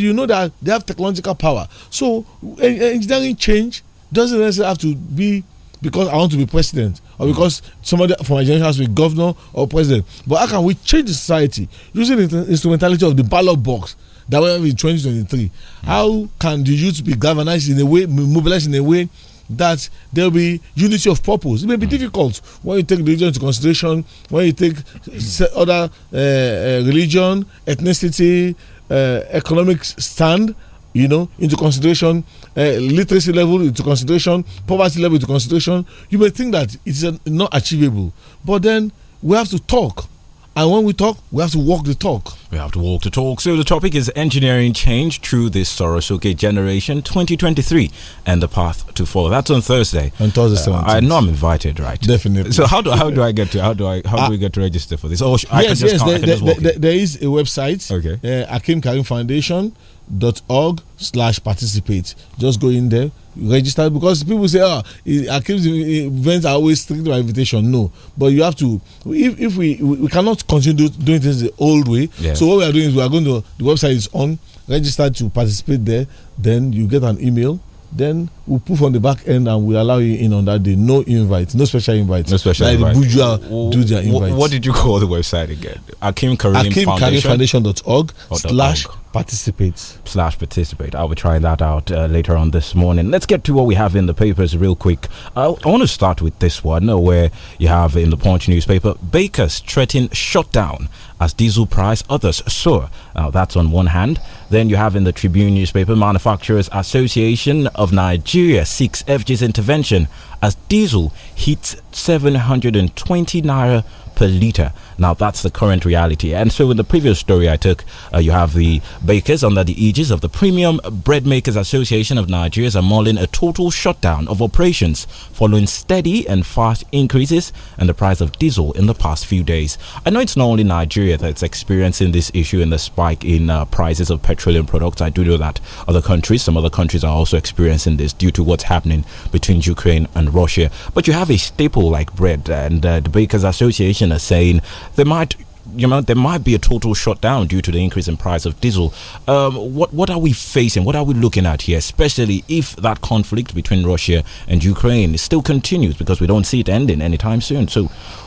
you know that they have technological power. So engineering change doesn't necessarily have to be because I want to be president or mm. because somebody from my generation has to be governor or president. But how can we change the society using the instrumentality of the ballot box that we have in 2023? Mm. How can the youth be galvanized in a way, mobilized in a way that there will be unity of purpose? It may be mm. difficult when you take religion into consideration, when you take mm. other uh, religion, ethnicity, uh, economic stand you know into consideration uh, literacy level into consideration poverty level into consideration you may think that it's not achievable but then we have to talk and when we talk, we have to walk the talk. We have to walk the talk. So the topic is engineering change through this Sorosuke generation 2023 and the path to follow. That's on Thursday. On Thursday, uh, I know I'm invited, right? Definitely. So how do how do I get to how do I how uh, do we get to register for this? Oh, yes, yes. There, there, there, there is a website. Okay. Uh, Akim Karim Foundation dot org slash participate just go in there register because people say oh accused events are always strict by invitation no but you have to if, if we we cannot continue doing things the old way so what we are doing is we are going to the website is on register to participate there then you get an email then we put on the back end and we allow you in on that day. No invite, no special invite. No special like invite. The bourgeois do their invite. What did you call the website again? Akim Karim Akim Foundation. AkimKarimFoundation.org slash org participates slash participate i'll be trying that out uh, later on this morning let's get to what we have in the papers real quick i want to start with this one uh, where you have in the punch newspaper bakers threaten shutdown as diesel price others soar now that's on one hand then you have in the tribune newspaper manufacturers association of nigeria seeks fg's intervention as diesel hits 720 naira per litre now, that's the current reality. And so, in the previous story I took, uh, you have the bakers under the aegis of the Premium Bread Makers Association of Nigeria are mulling a total shutdown of operations following steady and fast increases in the price of diesel in the past few days. I know it's not only Nigeria that's experiencing this issue and the spike in uh, prices of petroleum products. I do know that other countries, some other countries are also experiencing this due to what's happening between Ukraine and Russia. But you have a staple like bread, and uh, the Bakers Association are saying there might you know there might be a total shutdown due to the increase in price of diesel. Um, what what are we facing? What are we looking at here? Especially if that conflict between Russia and Ukraine still continues, because we don't see it ending anytime soon. So,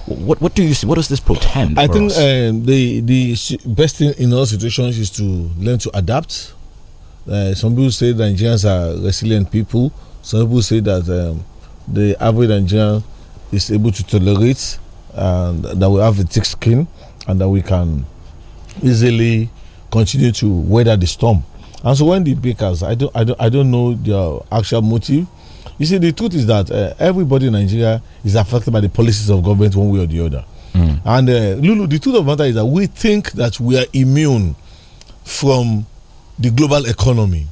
what what do you see? What does this portend? I think um, the the best thing in all situations is to learn to adapt. Uh, some people say that Nigerians are resilient people. Some people say that um, the average Nigerian is able to tolerate that we have a thick skin and that we can easily continue to weather the storm. And so when the bakers, I don't, I don't, I don't know their actual motive. You see, the truth is that uh, everybody in Nigeria is affected by the policies of government one way or the other. Mm. And uh, Lulu, the truth of the matter is that we think that we are immune from the global economy,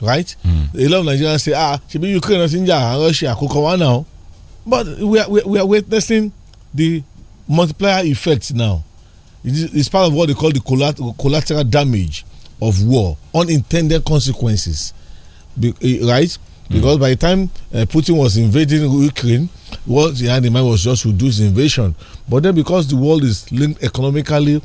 right? Mm. A lot of Nigerians say, ah, should be Ukraine, Russia, Russia, Kukawa now. But we are, we, are, we are witnessing the multiplier effect now is part of what they call the collateral damage of war unintended consequences eh, right hmm. because by the time uh, Putin was invading Ukraine, what he had in mind was just reduce invasion. But then, because the world is linked economically,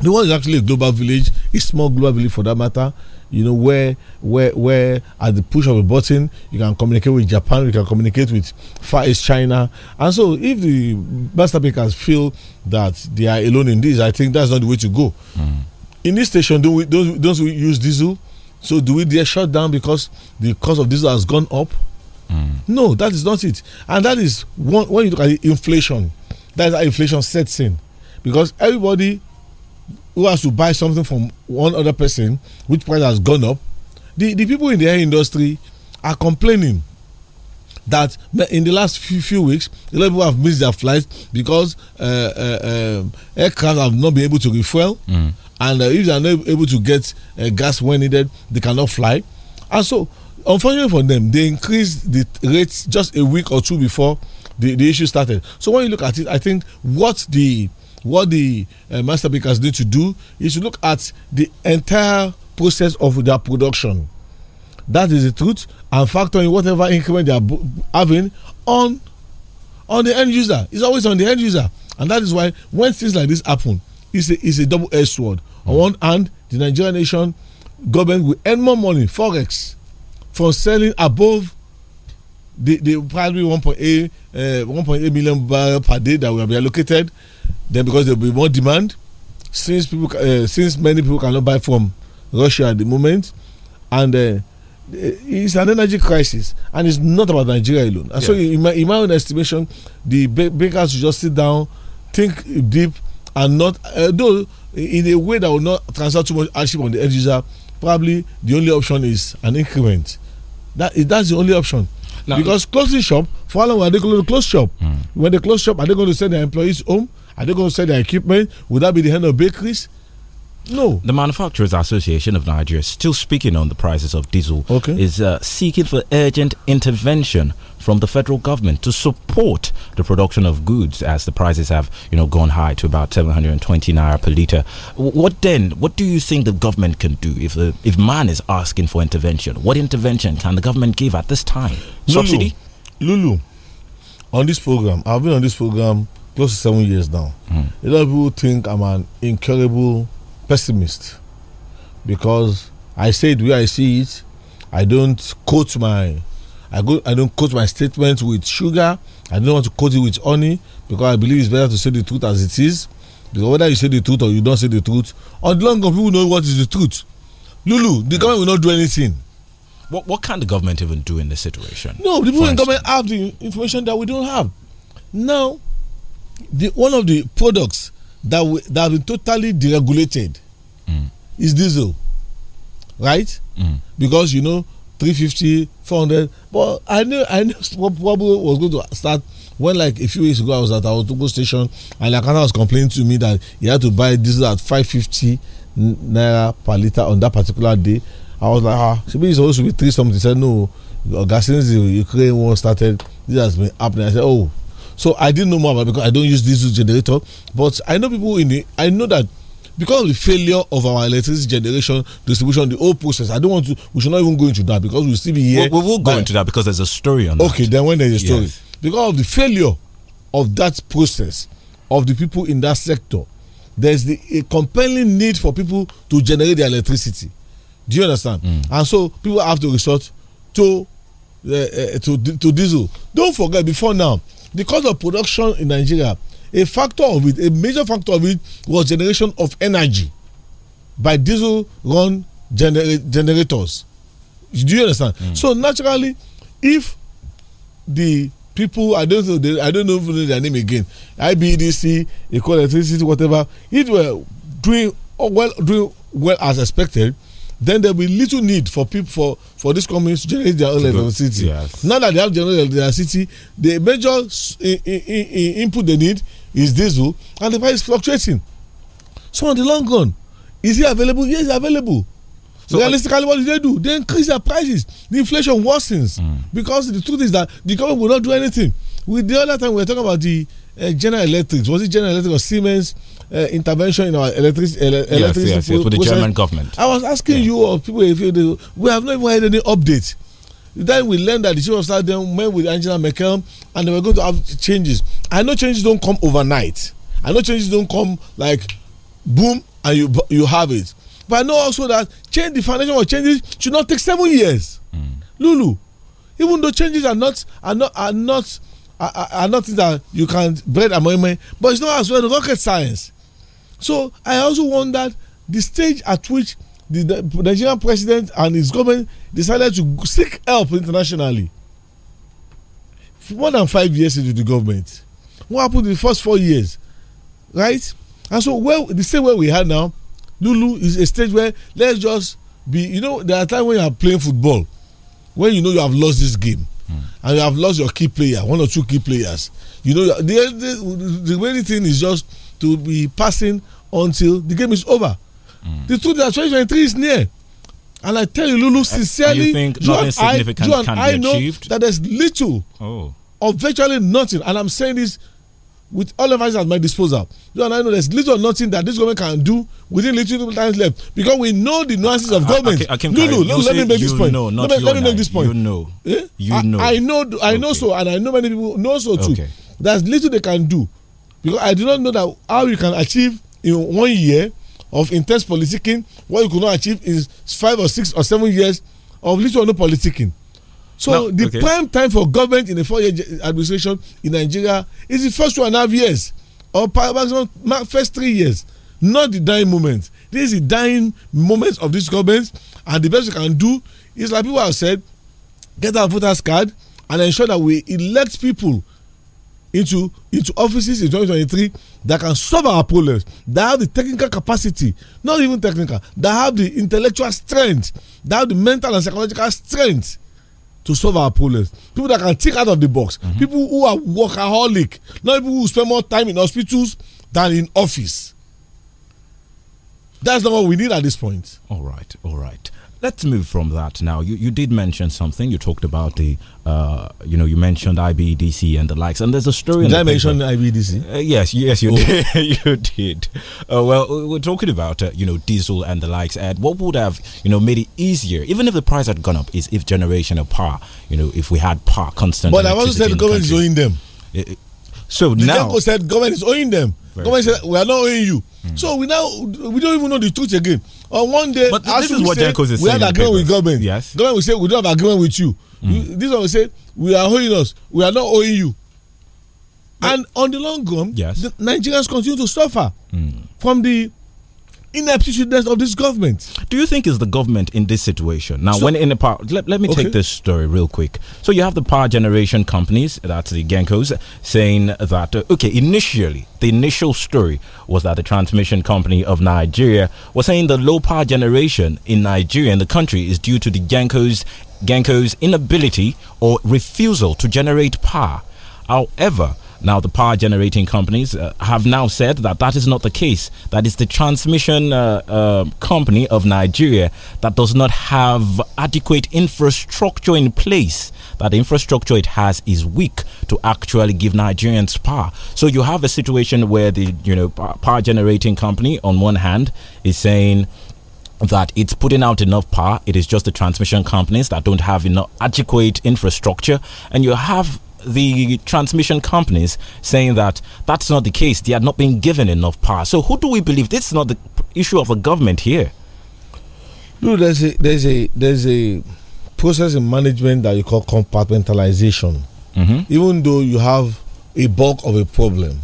the world is actually a global village, a small global village for that matter you know where where where at the push of a button you can communicate with japan you can communicate with far east china and so if the master makers feel that they are alone in this i think that's not the way to go mm. in this station don't we don't, don't we use diesel so do we dare shut down because the cost of diesel has gone up mm. no that is not it and that is one when you look at inflation that is inflation sets in because everybody who has to buy something from one other person which price has gone up the the people in the air industry are complaining that in the last few, few weeks a lot of people have missed their flights because uh, uh, uh, aircraft have not been able to refuel mm. and uh, if they are not able to get uh, gas when needed they cannot fly and so unfortunately for them they increased the rates just a week or two before the, the issue started so when you look at it i think what the what the uh, master bakers need to do is to look at the entire process of their production. That is the truth, and factor in whatever increment they are having on on the end user. It's always on the end user, and that is why when things like this happen, it's a, it's a double-edged sword. Mm. On hmm. one hand, the Nigerian nation government will earn more money forex from selling above the the probably 1.8 uh, 1.8 million barrel per day that will be allocated then because there will be more demand, since people uh, since many people cannot buy from Russia at the moment, and uh, it's an energy crisis, and it's not about Nigeria alone. And so, in my, in my own estimation, the bakers should just sit down, think deep, and not uh, though in a way that will not transfer too much hardship on the end user. Probably the only option is an increment. That that's the only option. Now, because closing shop, for how long are they going to close shop? Mm. When they close shop, are they going to send their employees home? Are they going to sell their equipment? Would that be the end of bakeries? No. The Manufacturers Association of Nigeria, still speaking on the prices of diesel, okay. is uh, seeking for urgent intervention from the federal government to support the production of goods as the prices have, you know, gone high to about 720 naira per liter. What then? What do you think the government can do if the, if man is asking for intervention? What intervention can the government give at this time? Lulu, Subsidy? Lulu, on this program, I've been on this program close to seven years now. Mm. A lot of people think I'm an incurable pessimist because I say it where I see it. I don't quote my I go I don't quote my statements with sugar. I don't want to quote it with honey because I believe it's better to say the truth as it is. Because whether you say the truth or you don't say the truth, on the long as people know what is the truth. Lulu, the government will not do anything. What what can the government even do in this situation? No, the people in government have the information that we don't have. Now the one of the products that we, that have been totally deregulated mm. is diesel, right? Mm. Because you know 350, 400. But I knew I knew what problem was going to start when like a few weeks ago I was at our Togo station and Lakana was complaining to me that he had to buy diesel at 550 naira per liter on that particular day. I was like, ah, should be supposed to be three something. He said, no, gas since the Ukraine war started, this has been happening. I said, oh, so I didn't know more about because I don't use diesel generator. But I know people in the I know that because of the failure of our electricity generation distribution the whole process i don't want to we should not even go into that because we'll still be here we, we will go into that because there's a story on okay that. then when there's a story yes. because of the failure of that process of the people in that sector there's the a compelling need for people to generate their electricity do you understand mm. and so people have to resort to uh, uh, to to diesel don't forget before now the cost of production in nigeria a factor of it a major factor of it was generation of energy by diesel run gener generators do you understand mm. so naturally if the people i don't know they, i don't know their name again IBDC, eco electricity whatever if were doing well doing well as expected then there will be little need for people for for these companies to generate their own so electricity. Yes. Now that they have generated their electricity, the major in, in, in input they need is diesel, and the price is fluctuating. So on the long run, is it available? Yes, it's available. So realistically, what do they do? They increase their prices. The inflation worsens mm. because the truth is that the government will not do anything. With the other time we were talking about the uh, General Electric, was it General Electric or Siemens? uh, intervention in our electric, ele yes, electricity yes, yes, for the German government. I was asking yeah. you uh, people if you, uh, we have not even had any update. Then we learned that the chief of staff then met with Angela Merkel and they were going to have changes. I know changes don't come overnight. I know changes don't come like boom and you you have it. But I know also that change the foundation of changes should not take seven years. Mm. Lulu, even though changes are not are not are not are, are not things that you can bread amendment, but it's not as well rocket science so I also wondered the stage at which the Nigerian president and his government decided to seek help internationally. More than five years into the government. What happened in the first four years? Right? And so where the same way we had now, Lulu is a stage where let's just be you know, there are times when you are playing football when you know you have lost this game hmm. and you have lost your key player, one or two key players. You know the the, the, the main thing is just to be passing until the game is over. Mm. The truth that 2023 is near. And I tell you, Lulu, uh, sincerely, you, you and I, you and I know achieved? that there's little oh. or virtually nothing. And I'm saying this with all of us at my disposal. You and I know there's little or nothing that this government can do within little times left because we know the nuances of government. I, I, I no, let me make this point. Know, let, me, let me make this point. You know. Eh? You know. I, know I know okay. so and I know many people know so too. Okay. There's little they can do because I do not know that how you can achieve in one year of intense politicking what you could not achieve in five or six or seven years of little or no politicking. So no, the okay. prime time for government in a four-year administration in Nigeria is the first two and a half years or maximum first three years, not the dying moment. This is the dying moment of this government, and the best we can do is like people have said, get our voters card and ensure that we elect people into into offices in 2023 that can solve our problems that have the technical capacity not even technical that have the intellectual strength that have the mental and psychological strength to solve our problems people that can think out of the box mm -hmm. people who are workaholic not people who spend more time in hospitals than in office that's not what we need at this point all right all right let's move from that now. You you did mention something. You talked about the uh, you know you mentioned IBDC and the likes. And there's a story. Did I mention IBDC? Uh, yes, yes, you oh. did. you did. Uh, well, we're talking about uh, you know diesel and the likes. And what would have you know made it easier, even if the price had gone up, is if generation of power. You know, if we had power constant. But I to say the government is them. So the now. The said government is owing them. Very government true. said, we are not owing you. Mm. So we now, we don't even know the truth again. On one day, but this is what say, is we saying. We have agreement with government. Yes. Government will say, we don't have agreement with you. Mm. This one will say, we are owing us. We are not owing you. But, and on the long run, yes. the Nigerians continue to suffer mm. from the ineptitudeness of this government. Do you think it's the government in this situation? Now, so, when in the power, let, let me okay. take this story real quick. So you have the power generation companies, that's the Genkos, saying that, uh, okay, initially, the initial story was that the transmission company of Nigeria was saying the low power generation in Nigeria and the country is due to the Genkos, Genko's inability or refusal to generate power. However, now, the power generating companies uh, have now said that that is not the case. That is the transmission uh, uh, company of Nigeria that does not have adequate infrastructure in place. That infrastructure it has is weak to actually give Nigerians power. So you have a situation where the you know power generating company on one hand is saying that it's putting out enough power. It is just the transmission companies that don't have enough adequate infrastructure. And you have the transmission companies saying that that's not the case. They are not being given enough power. So who do we believe? This is not the issue of the government here. No, there's a there's a there's a process in management that you call compartmentalization. Mm -hmm. Even though you have a bulk of a problem,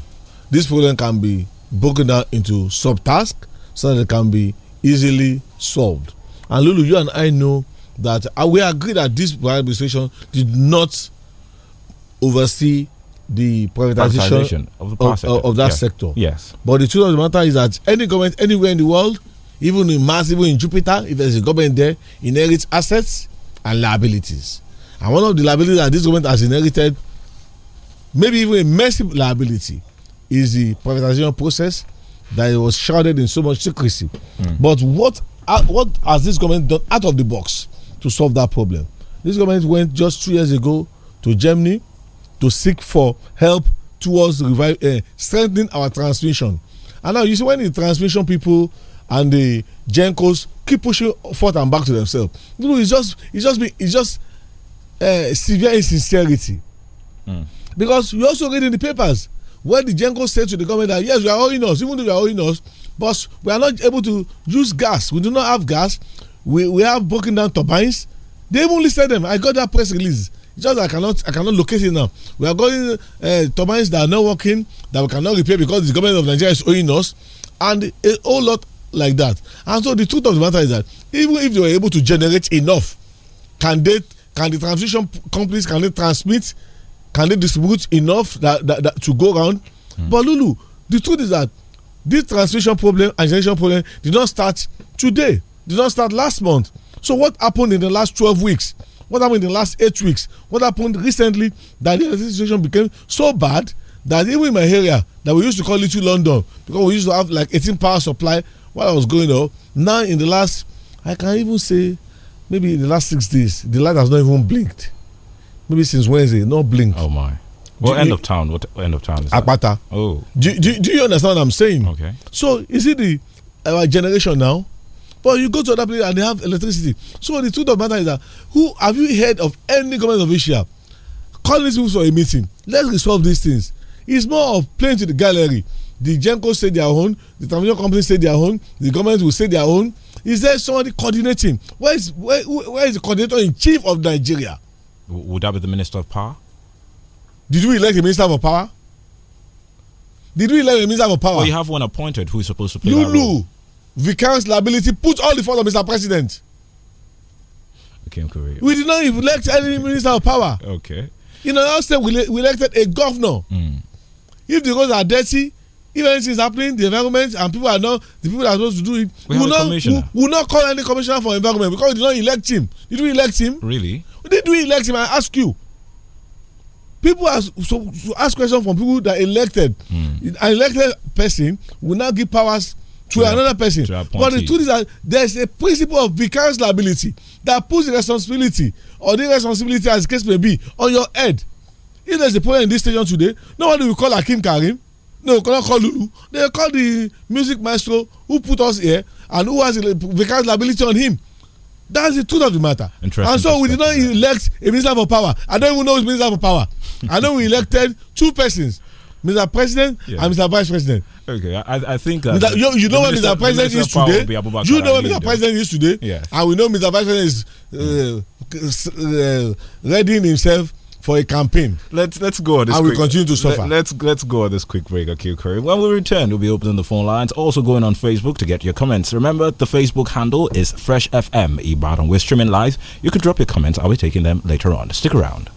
this problem can be broken down into subtasks so that it can be easily solved. And Lulu, you and I know that we agree that this administration did not oversee the privatization, privatization of, the of, of, that yeah. sector. Yes. But the truth of the matter is that any government anywhere in the world, even in Mars, even in Jupiter, if there's a government there, inherits assets and liabilities. And one of the liabilities that this government has inherited, maybe even a massive liability, is the privatization process that was shrouded in so much secrecy. Mm. But what uh, what has this government done out of the box to solve that problem? This government went just two years ago to Germany to seek for help towards revive, uh, strengthening our transmission. And now you see when the transmission people and the Gencos keep pushing forth and back to themselves, you know, it's just it's just be, it's just uh, severe insincerity. Mm. Because we also read in the papers where the Gencos said to the government that yes, we are owing us, even though we are owing us, but we are not able to use gas. We do not have gas. We we have broken down turbines. They even listed them. I got that press release just I cannot I cannot locate it now. We are going uh, turbines that are not working that we cannot repair because the government of Nigeria is owing us, and a whole lot like that. And so the truth of the matter is that even if they were able to generate enough, can they can the transmission companies can they transmit, can they distribute enough that, that, that to go around? Mm. But Lulu, the truth is that this transmission problem and generation problem did not start today, did not start last month. So what happened in the last twelve weeks? what happened in the last eight weeks, what happened recently that the situation became so bad that even in my area that we used to call Little London because we used to have like 18 power supply while I was going up. Now in the last, I can even say maybe in the last six days, the light has not even blinked. Maybe since Wednesday, no blink. Oh my. What do end of town? What end of town is Akpata. That? Oh. Do, do, do you understand what I'm saying? Okay. So is it the our generation now But you go to other places and they have electricity. So the truth of the matter is that who have you heard of any government of official calling these people for a meeting? Let's resolve these things. It's more of playing to the gallery. The Genco say their own, the transmission company say their own, the government will say their own. Is there somebody coordinating? Where is where, where is the coordinator in chief of Nigeria? Would that be the minister of power? Did we elect a minister of power? Did we elect a minister of power? Well, you have one appointed who is supposed to play Lulu. that role. Vican's liability, put all the fault on Mr. President. Okay, Uncle We did not elect any minister of power. Okay. You know, last time we, we elected a governor. Mm. If the roads are dirty, if anything is happening, the environment and people are not the people that are supposed to do it. We will not will, will, not call any commissioner for environment because we did not elect him. Did we elect him? Really? Did we elect him? I ask you. People ask so, so ask questions from people that elected. Mm. An elected person will now give powers to, to another person. To but the truth is that there is a principle of vicarious liability that puts the responsibility or the responsibility as the case may be on your head. If there is a problem in this station today, nobody will call Akim Karim. No, will not call Lulu. They will call the music maestro who put us here and who has vicarious liability on him. That's the truth of the matter. Interesting and so we did not elect a minister for power. I don't even know who is minister for power. I know we elected two persons Mr. President yeah. and Mr. Vice President. Okay, I, I think Mr. You, you know what Mr. President is today. You know what Mr. President is today. Yes. And we know Mr. Vice President is uh, mm. uh, readying himself for a campaign. Let's let's go on this. And quick, we continue to suffer. Let, us let's, let's go on this quick break, okay, Curry. When we return, we'll be opening the phone lines, also going on Facebook to get your comments. Remember, the Facebook handle is Fresh FM Ibadan. We're streaming live. You can drop your comments. I'll be taking them later on. Stick around.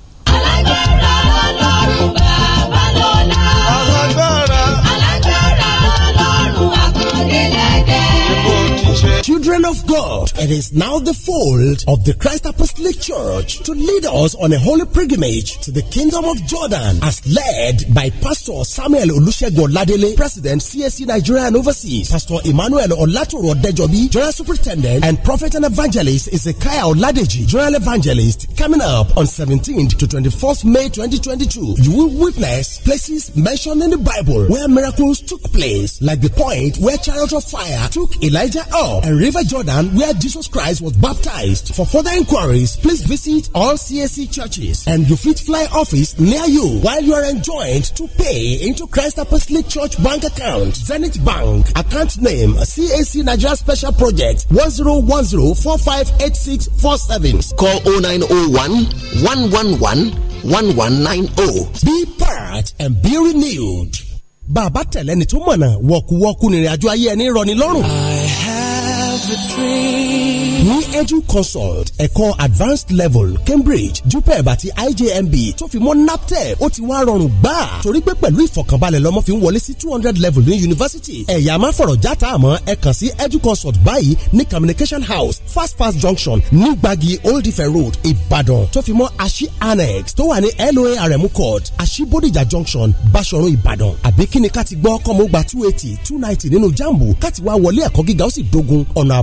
Children of God, it is now the fold of the Christ Apostolic Church to lead us on a holy pilgrimage to the Kingdom of Jordan as led by Pastor Samuel Olusegun Ladele, President CSC Nigeria and Overseas, Pastor Emmanuel Olatoro Dejobi, General Superintendent and Prophet and Evangelist Ezekiah Oladeji, General Evangelist, coming up on 17th to 21st May 2022. You will witness places mentioned in the Bible where miracles took place, like the point where chariot of fire took Elijah up Club and River Jordan where Jesus Christ was baptized. For further inquiries, please visit all CSC churches and your fleet fly office near you while you are enjoined to pay into Christ Apostolic Church bank account, Zenith Bank, account name CAC Nigeria Special Project 1010458647. Call 0901 nine 1190. Be part and be renewed. Bàbá tẹ̀lẹ́ni tó mọ̀nà wọ̀kúwọ́kú nírìn àjò ayé ẹni rọ̀ ní lọ́rùn. I have ní edu consult ẹ̀kọ́ advanced level cambridge jupeb àti ijmb tó fi mọ́ naptep ó ti wá rọrùn gbà torí pé pẹ̀lú ìfọ̀kànbalẹ̀ lọ́mọ fi ń wọlé sí two hundred level ní yunifásitì ẹ̀yà máa fọ̀rọ̀ játa àmọ́ ẹ kàn sí edu consult báyìí ní communication house fast fast junction ní gbagi old ife road ìbàdàn tó fi mọ́ aṣí annex tó wà ní loarm court ashi bódìjà junction báṣọ̀run ìbàdàn àbí kíni ká ti gbọ́ kọ́mọ́gba two eighty two ninety nínú jambu ká ti wá wọlé ẹ̀kọ́ gíga ó sì dógún ọ̀nà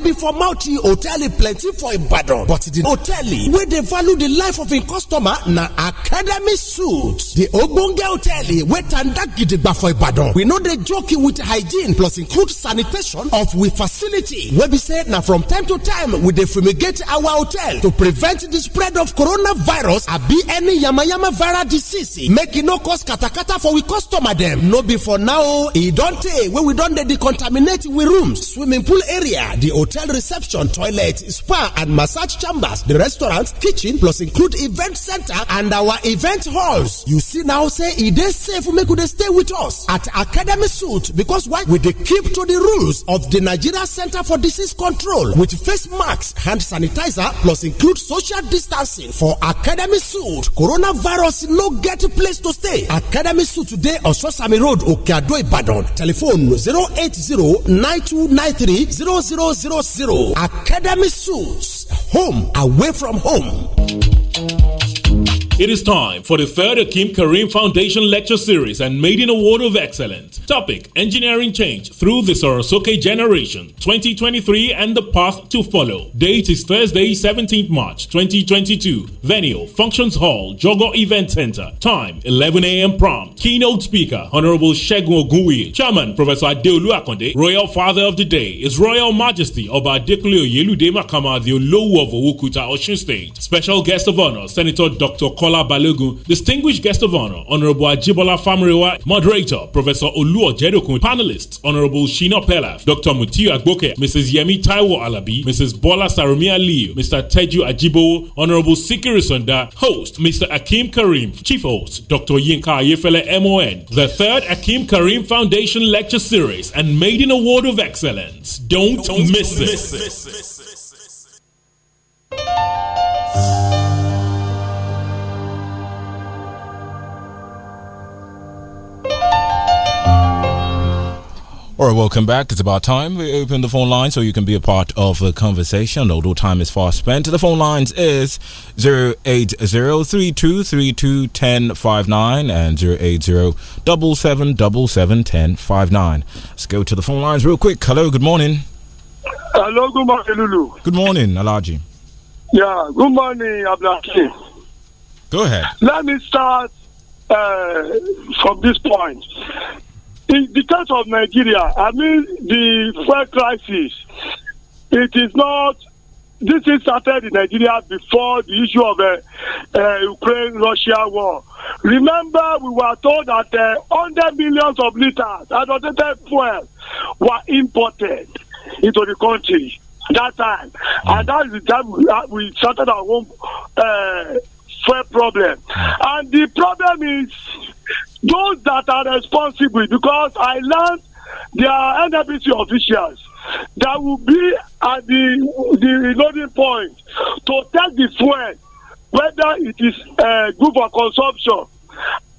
be for mouthie hotel plenty for ibadan but the hotel wey dey value the life of im customer na academy suite the ogbonge hotel wey tanda gidigba for ibadan we no dey joke with hygiene plus include sanitation of we facility wey be say na from time to time we dey fumigate our hotel to prevent the spread of coronavirus abi any yamayama viral disease make e no cause katakata for we customer dem no be for now oh, e don tey wey we don dey decontaminate we rooms swimming pool area the hotel hotel reception, toilet, spa and massage chambers, the restaurant, kitchen plus include event center and our event halls. You see now say e dey safe make we dey stay with us at Academy Suite because why we dey keep to the rules of the Nigeria Center for Disease Control with face masks, hand sanitizer plus include social distancing for Academy Suite. Coronavirus no get place to stay. Academy Suite today Ososami Road, Okeado, Ibadan. Telephone zero zero eight nine nine two three zero zero zero zero academy suits home away from home. It is time for the third Akim Karim Foundation Lecture Series and Made in a World of Excellence. Topic Engineering Change Through the Sorosuke Generation 2023 and the Path to Follow. Date is Thursday, 17th March 2022. Venue Functions Hall, Jogo Event Center. Time 11 a.m. prompt. Keynote speaker Honorable Shegun Ogunwiye. Chairman Professor Adeolu Akonde. Royal Father of the Day is Royal Majesty Oba Adekunle Oyelude Makama the Olowu of Owokuta, ocean State. Special guest of honor Senator Dr. Ajibola Balogun, Distinguished Guest of Honor, Honorable Ajibola Famirewa, Moderator, Professor Oluo Jedokun, Panelists, Honorable Shina Pelaf, Dr. Mutiu Agboke, Mrs. Yemi Taiwo Alabi, Mrs. Bola Sarumia Liu, Mr. Teju Ajibo, Honorable Sikiri Sonda, Host, Mr. Akim Karim, Chief Host, Dr. Yinka Ayefele MON, the third Akim Karim Foundation Lecture Series and Maiden Award of Excellence. Don't, Don't miss, miss, it. it. Miss it. All right, welcome back. It's about time we open the phone line so you can be a part of the conversation. Although time is fast spent, the phone lines is three two ten five nine and zero double seven let Let's go to the phone lines real quick. Hello, good morning. Hello, good morning, Lulu. Good morning, Alaji. Yeah, good morning, Abdulhakim. Go ahead. Let me start uh, from this point in the case of Nigeria, I mean, the fuel crisis, it is not. This is started in Nigeria before the issue of the uh, uh, Ukraine Russia war. Remember, we were told that uh, 100 millions of liters adulterated fuel were imported into the country that time. And mm. that is the time we, uh, we started our own uh, fuel problem. And the problem is those that are responsible because I learned there are NWC officials that will be at the the loading point to test the fuel whether it is uh, good for consumption.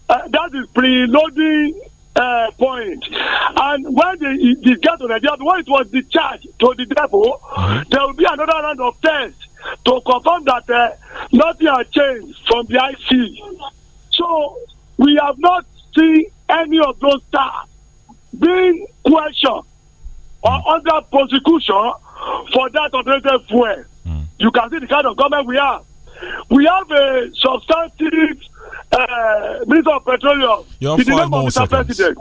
Uh, that is pre-loading uh, And when they, they get to Nigeria, when it was discharged to the depot, there will be another round of tests to confirm that uh, nothing has changed from the IC. So we have not seen any of those staff being questioned or under prosecution for that alternative fuel. Mm. You can see the kind of government we have. We have a substantive uh, Minister of Petroleum. You have five more seconds. President.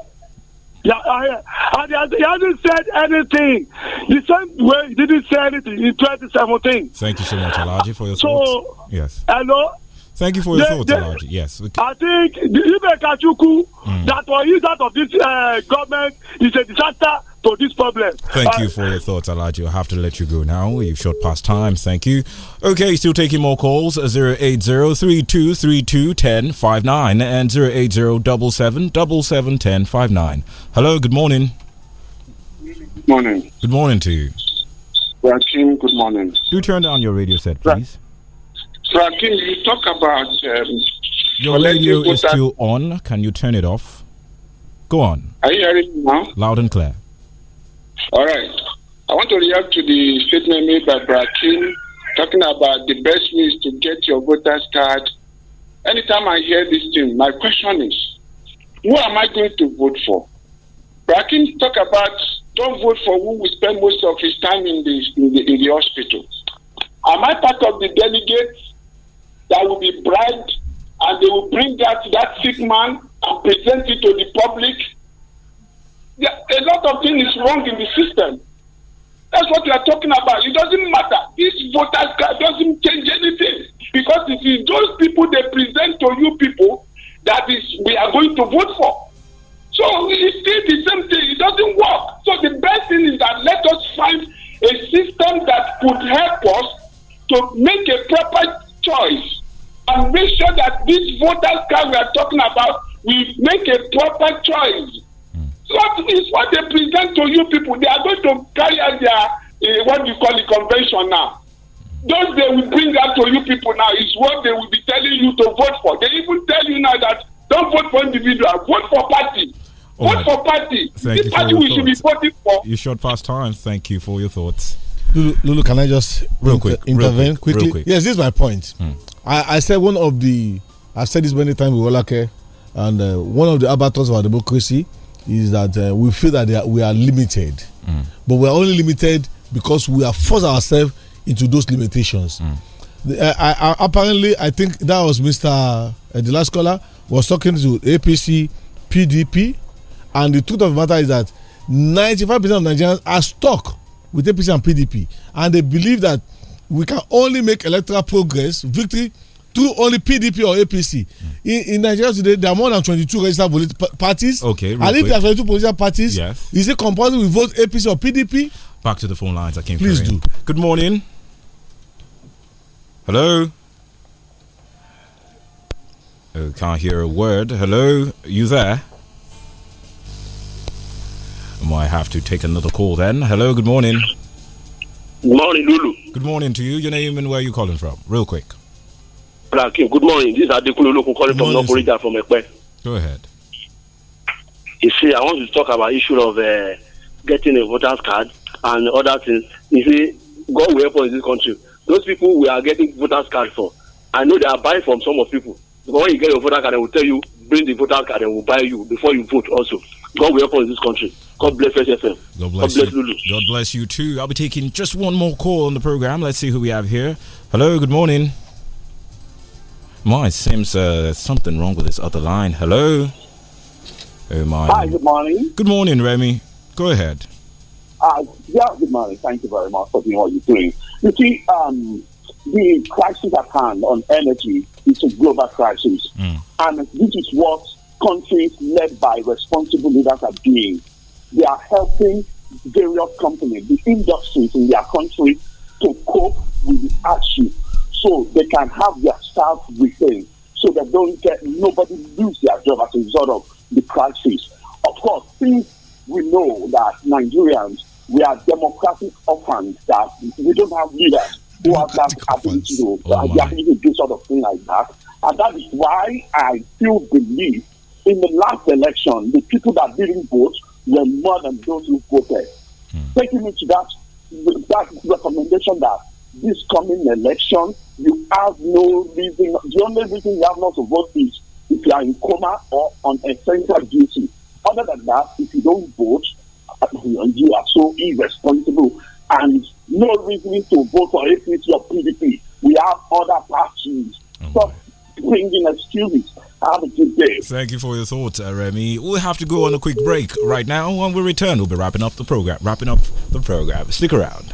Yeah, I, I, he hasn't said anything. The same way he didn't say anything in 2017. Thank you so much, Alaji, for your support. So, yes. Hello. Thank you for your they, thoughts, Alaji. Yes. Okay. I think the Ibe Kachuku, mm. that was used out of this uh, government, is a disaster to this problem. Thank you uh, for your thoughts, Alaji. I have to let you go now. You've shot past time. Thank you. Okay, still taking more calls 08032321059 and 08077771059. Hello, good morning. Good morning. Good morning to you. Rakim, good morning. Do turn down your radio set, please. Rakim, you talk about. Um, your radio is still on. Can you turn it off? Go on. Are you hearing me now? Loud and clear. All right. I want to react to the statement made by Brakin talking about the best ways to get your voter's card. Anytime I hear this thing, my question is, who am I going to vote for? Brakin talk about don't vote for who will spend most of his time in the, in the, in the hospital. Am I part of the delegates that will be bribed and they will bring that, that sick man and present it to the public a lot of things is wrong in the system. That's what we are talking about. It doesn't matter. This voters card doesn't change anything because it is those people they present to you people that is we are going to vote for. So it's still the same thing. It doesn't work. So the best thing is that let us find a system that could help us to make a proper choice and make sure that this voters card we are talking about we make a proper choice what is what they present to you people? They are going to carry out their uh, what you call the convention now. Those they will bring that to you people now is what they will be telling you to vote for. They even tell you now that don't vote for individual, vote for party. All vote right. for party. Thank this party we should be voting for. You short past time. Thank you for your thoughts. Lulu, Lulu can I just real inter quick, intervene real quick, quickly? Real quick. Yes, this is my point. Hmm. I, I said one of the I've said this many times with Olake, and uh, one of the abattoirs of our democracy is that uh, we feel that are, we are limited, mm. but we are only limited because we have forced ourselves into those limitations. Mm. The, uh, I, I, apparently, I think that was Mr. Uh, the last caller was talking to APC, PDP, and the truth of the matter is that 95% of Nigerians are stuck with APC and PDP, and they believe that we can only make electoral progress, victory, through only PDP or APC. Mm. in, in Nigeria today, there are more than 22 registered political parties. Okay, and if there are 22 political parties, yes. is it compulsory with vote APC or PDP? Back to the phone lines. I came. Please do. Good morning. Hello. Oh, can't hear a word. Hello, you there? I might have to take another call then. Hello, good morning. Good morning, Lulu. Good morning to you. Your name and where are you calling from? Real quick. Rakim, good morning. This is Adekunle calling from North Korea from Ekpe. Go ahead. You see, I want to talk about issue of uh, getting a voter's card and other things. You see, God will help us in this country. Those people we are getting voter's card for, I know they are buying from some of people. But when you get your voter card, they will tell you, bring the voter card, they will buy you before you vote also. God will help us in this country. God bless SFM. God bless, God bless you. Lulu. God bless you too. I'll be taking just one more call on the program. Let's see who we have here. Hello, good morning. My, it seems uh, there's something wrong with this other line. Hello? Oh, my. Hi, good morning. Good morning, Remy. Go ahead. Uh, yeah, good morning. Thank you very much for doing what you're doing. You see, um, the crisis at hand on energy is a global crisis. Mm. And this is what countries led by responsible leaders are doing. They are helping various companies, the industries in their country to cope with the action so they can have their staff retained so they don't get nobody lose their job as a result of the crisis. Of course, since we know that Nigerians we are democratic orphans that we don't have leaders who have that ability to, oh to do sort of thing like that, and that is why I still believe in the last election the people that didn't vote were more than those who voted. Hmm. Taking me to that that recommendation that this coming election, you have no reason. The only reason you have not to vote is if you are in coma or on essential duty. Other than that, if you don't vote, you are so irresponsible and no reason to vote for APC or PDP. We have other parties. Oh, Stop bringing excuses. Have a good day. Thank you for your thoughts, uh, Remy. We'll have to go on a quick break right now. When we return, we'll be wrapping up the program. Wrapping up the program. Stick around.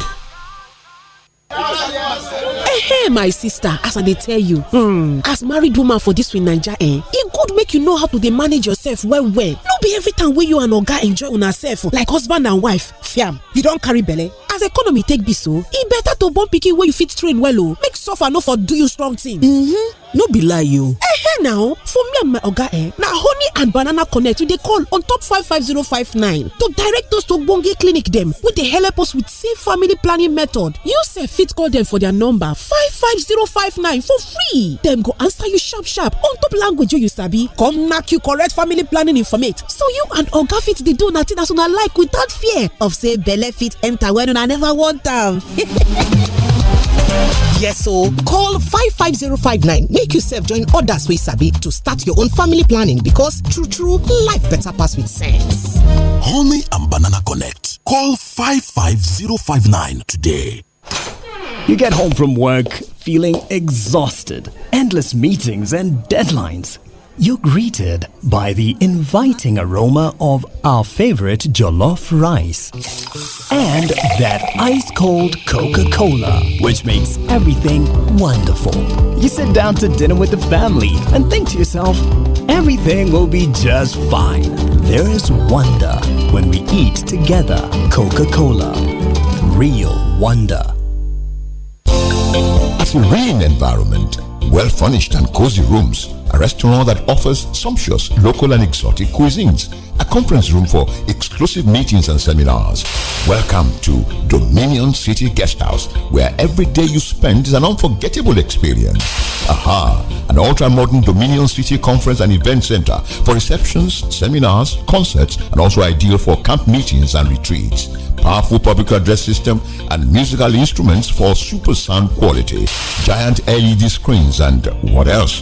Hey, eh, eh, my sister as i dey tell you hmm as married woman for this win naija eh e good make you know how to dey manage yourself well well no be every time wey you and oga enjoy una sef like husband and wife fiam you don carry belle as economy take be so e better to born pikin wey you fit train well o make suffer no for do you strong thing. Mm-hmm. no be lie o. ehe now for me and my oga eh, na honey and banana connect we dey call on top five five zero five nine to direct us to ogbonge clinic dem wey dey help us with safe family planning method you sef fit call dem for their number five five zero five nine for free dem go answer you sharp sharp on top language wey you sabi come knack you correct family planning informate so you and oga fit dey do una thing as una like without fear of say belle fit enter when una i never want am yes so call 55059 make yourself join odas wey sabi to start your own family planning because true true life better pass with sense honey and banana connect call 55059 today you get home from work feeling exhausted endless meetings and deadlines you're greeted by the inviting aroma of our favorite jollof rice and that ice cold Coca Cola, which makes everything wonderful. You sit down to dinner with the family and think to yourself, everything will be just fine. There is wonder when we eat together Coca Cola. Real wonder. A serene environment, well furnished and cozy rooms a restaurant that offers sumptuous local and exotic cuisines, a conference room for exclusive meetings and seminars. Welcome to Dominion City Guesthouse, where every day you spend is an unforgettable experience. Aha, an ultra-modern Dominion City Conference and Event Center for receptions, seminars, concerts, and also ideal for camp meetings and retreats. Powerful public address system and musical instruments for super sound quality. Giant LED screens and what else?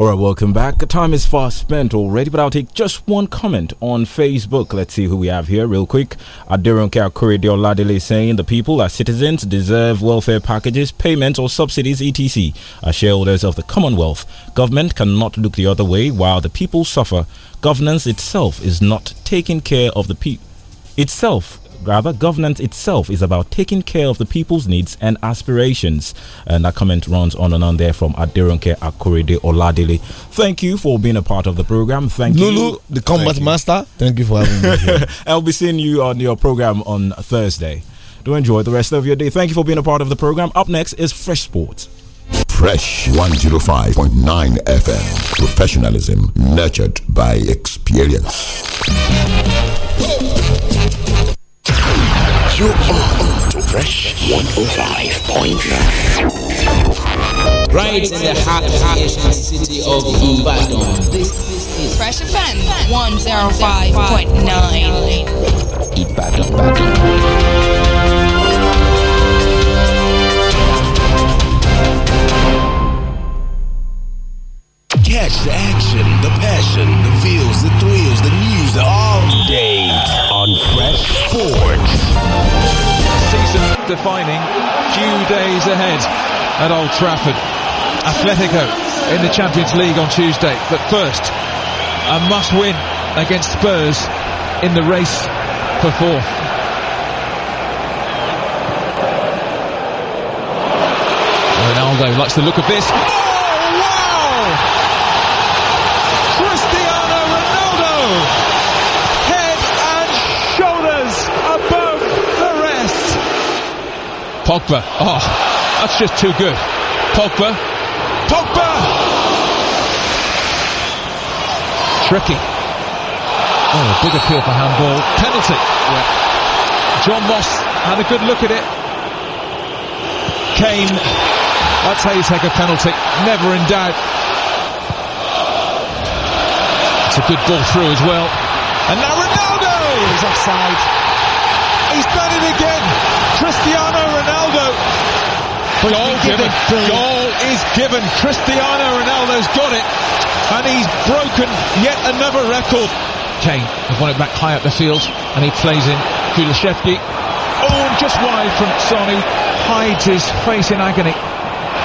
All right, welcome back. Time is fast spent already, but I'll take just one comment on Facebook. Let's see who we have here, real quick. Adironke Akurede Oladele saying the people, as citizens, deserve welfare packages, payments, or subsidies, etc. As shareholders of the Commonwealth, government cannot look the other way while the people suffer. Governance itself is not taking care of the people itself Rather, governance itself is about taking care of the people's needs and aspirations. And that comment runs on and on there from Adironke Akorede Oladele. Thank you for being a part of the program. Thank Lulu, you. Lulu, the combat thank master, thank you for having me here. I'll be seeing you on your program on Thursday. Do enjoy the rest of your day. Thank you for being a part of the program. Up next is Fresh Sports. Fresh 105.9 FM. Professionalism nurtured by experience. You are on Fresh 105.9. Right in the heart of city of Ibadan. This is Fresh FM 105.9. Ibadan. Ibadan. the action, the passion, the feels, the thrills, the news all day on Fresh Sports. Season defining few days ahead at Old Trafford. Atletico in the Champions League on Tuesday. But first, a must win against Spurs in the race for fourth. Ronaldo likes the look of this. Pogba. Oh, that's just too good. Pogba. Pogba! Tricky. Oh, a big appeal for handball. Penalty. Yeah. John Moss had a good look at it. Kane. That's how you take a penalty. Never in doubt. It's a good ball through as well. And now Ronaldo is offside. He's done it again. Cristiano Ronaldo. But goal given. Goal is given. Cristiano Ronaldo's got it, and he's broken yet another record. Kane has won it back high up the field, and he plays in Kulishevsky. Oh, just wide from Sonny. Hides his face in agony.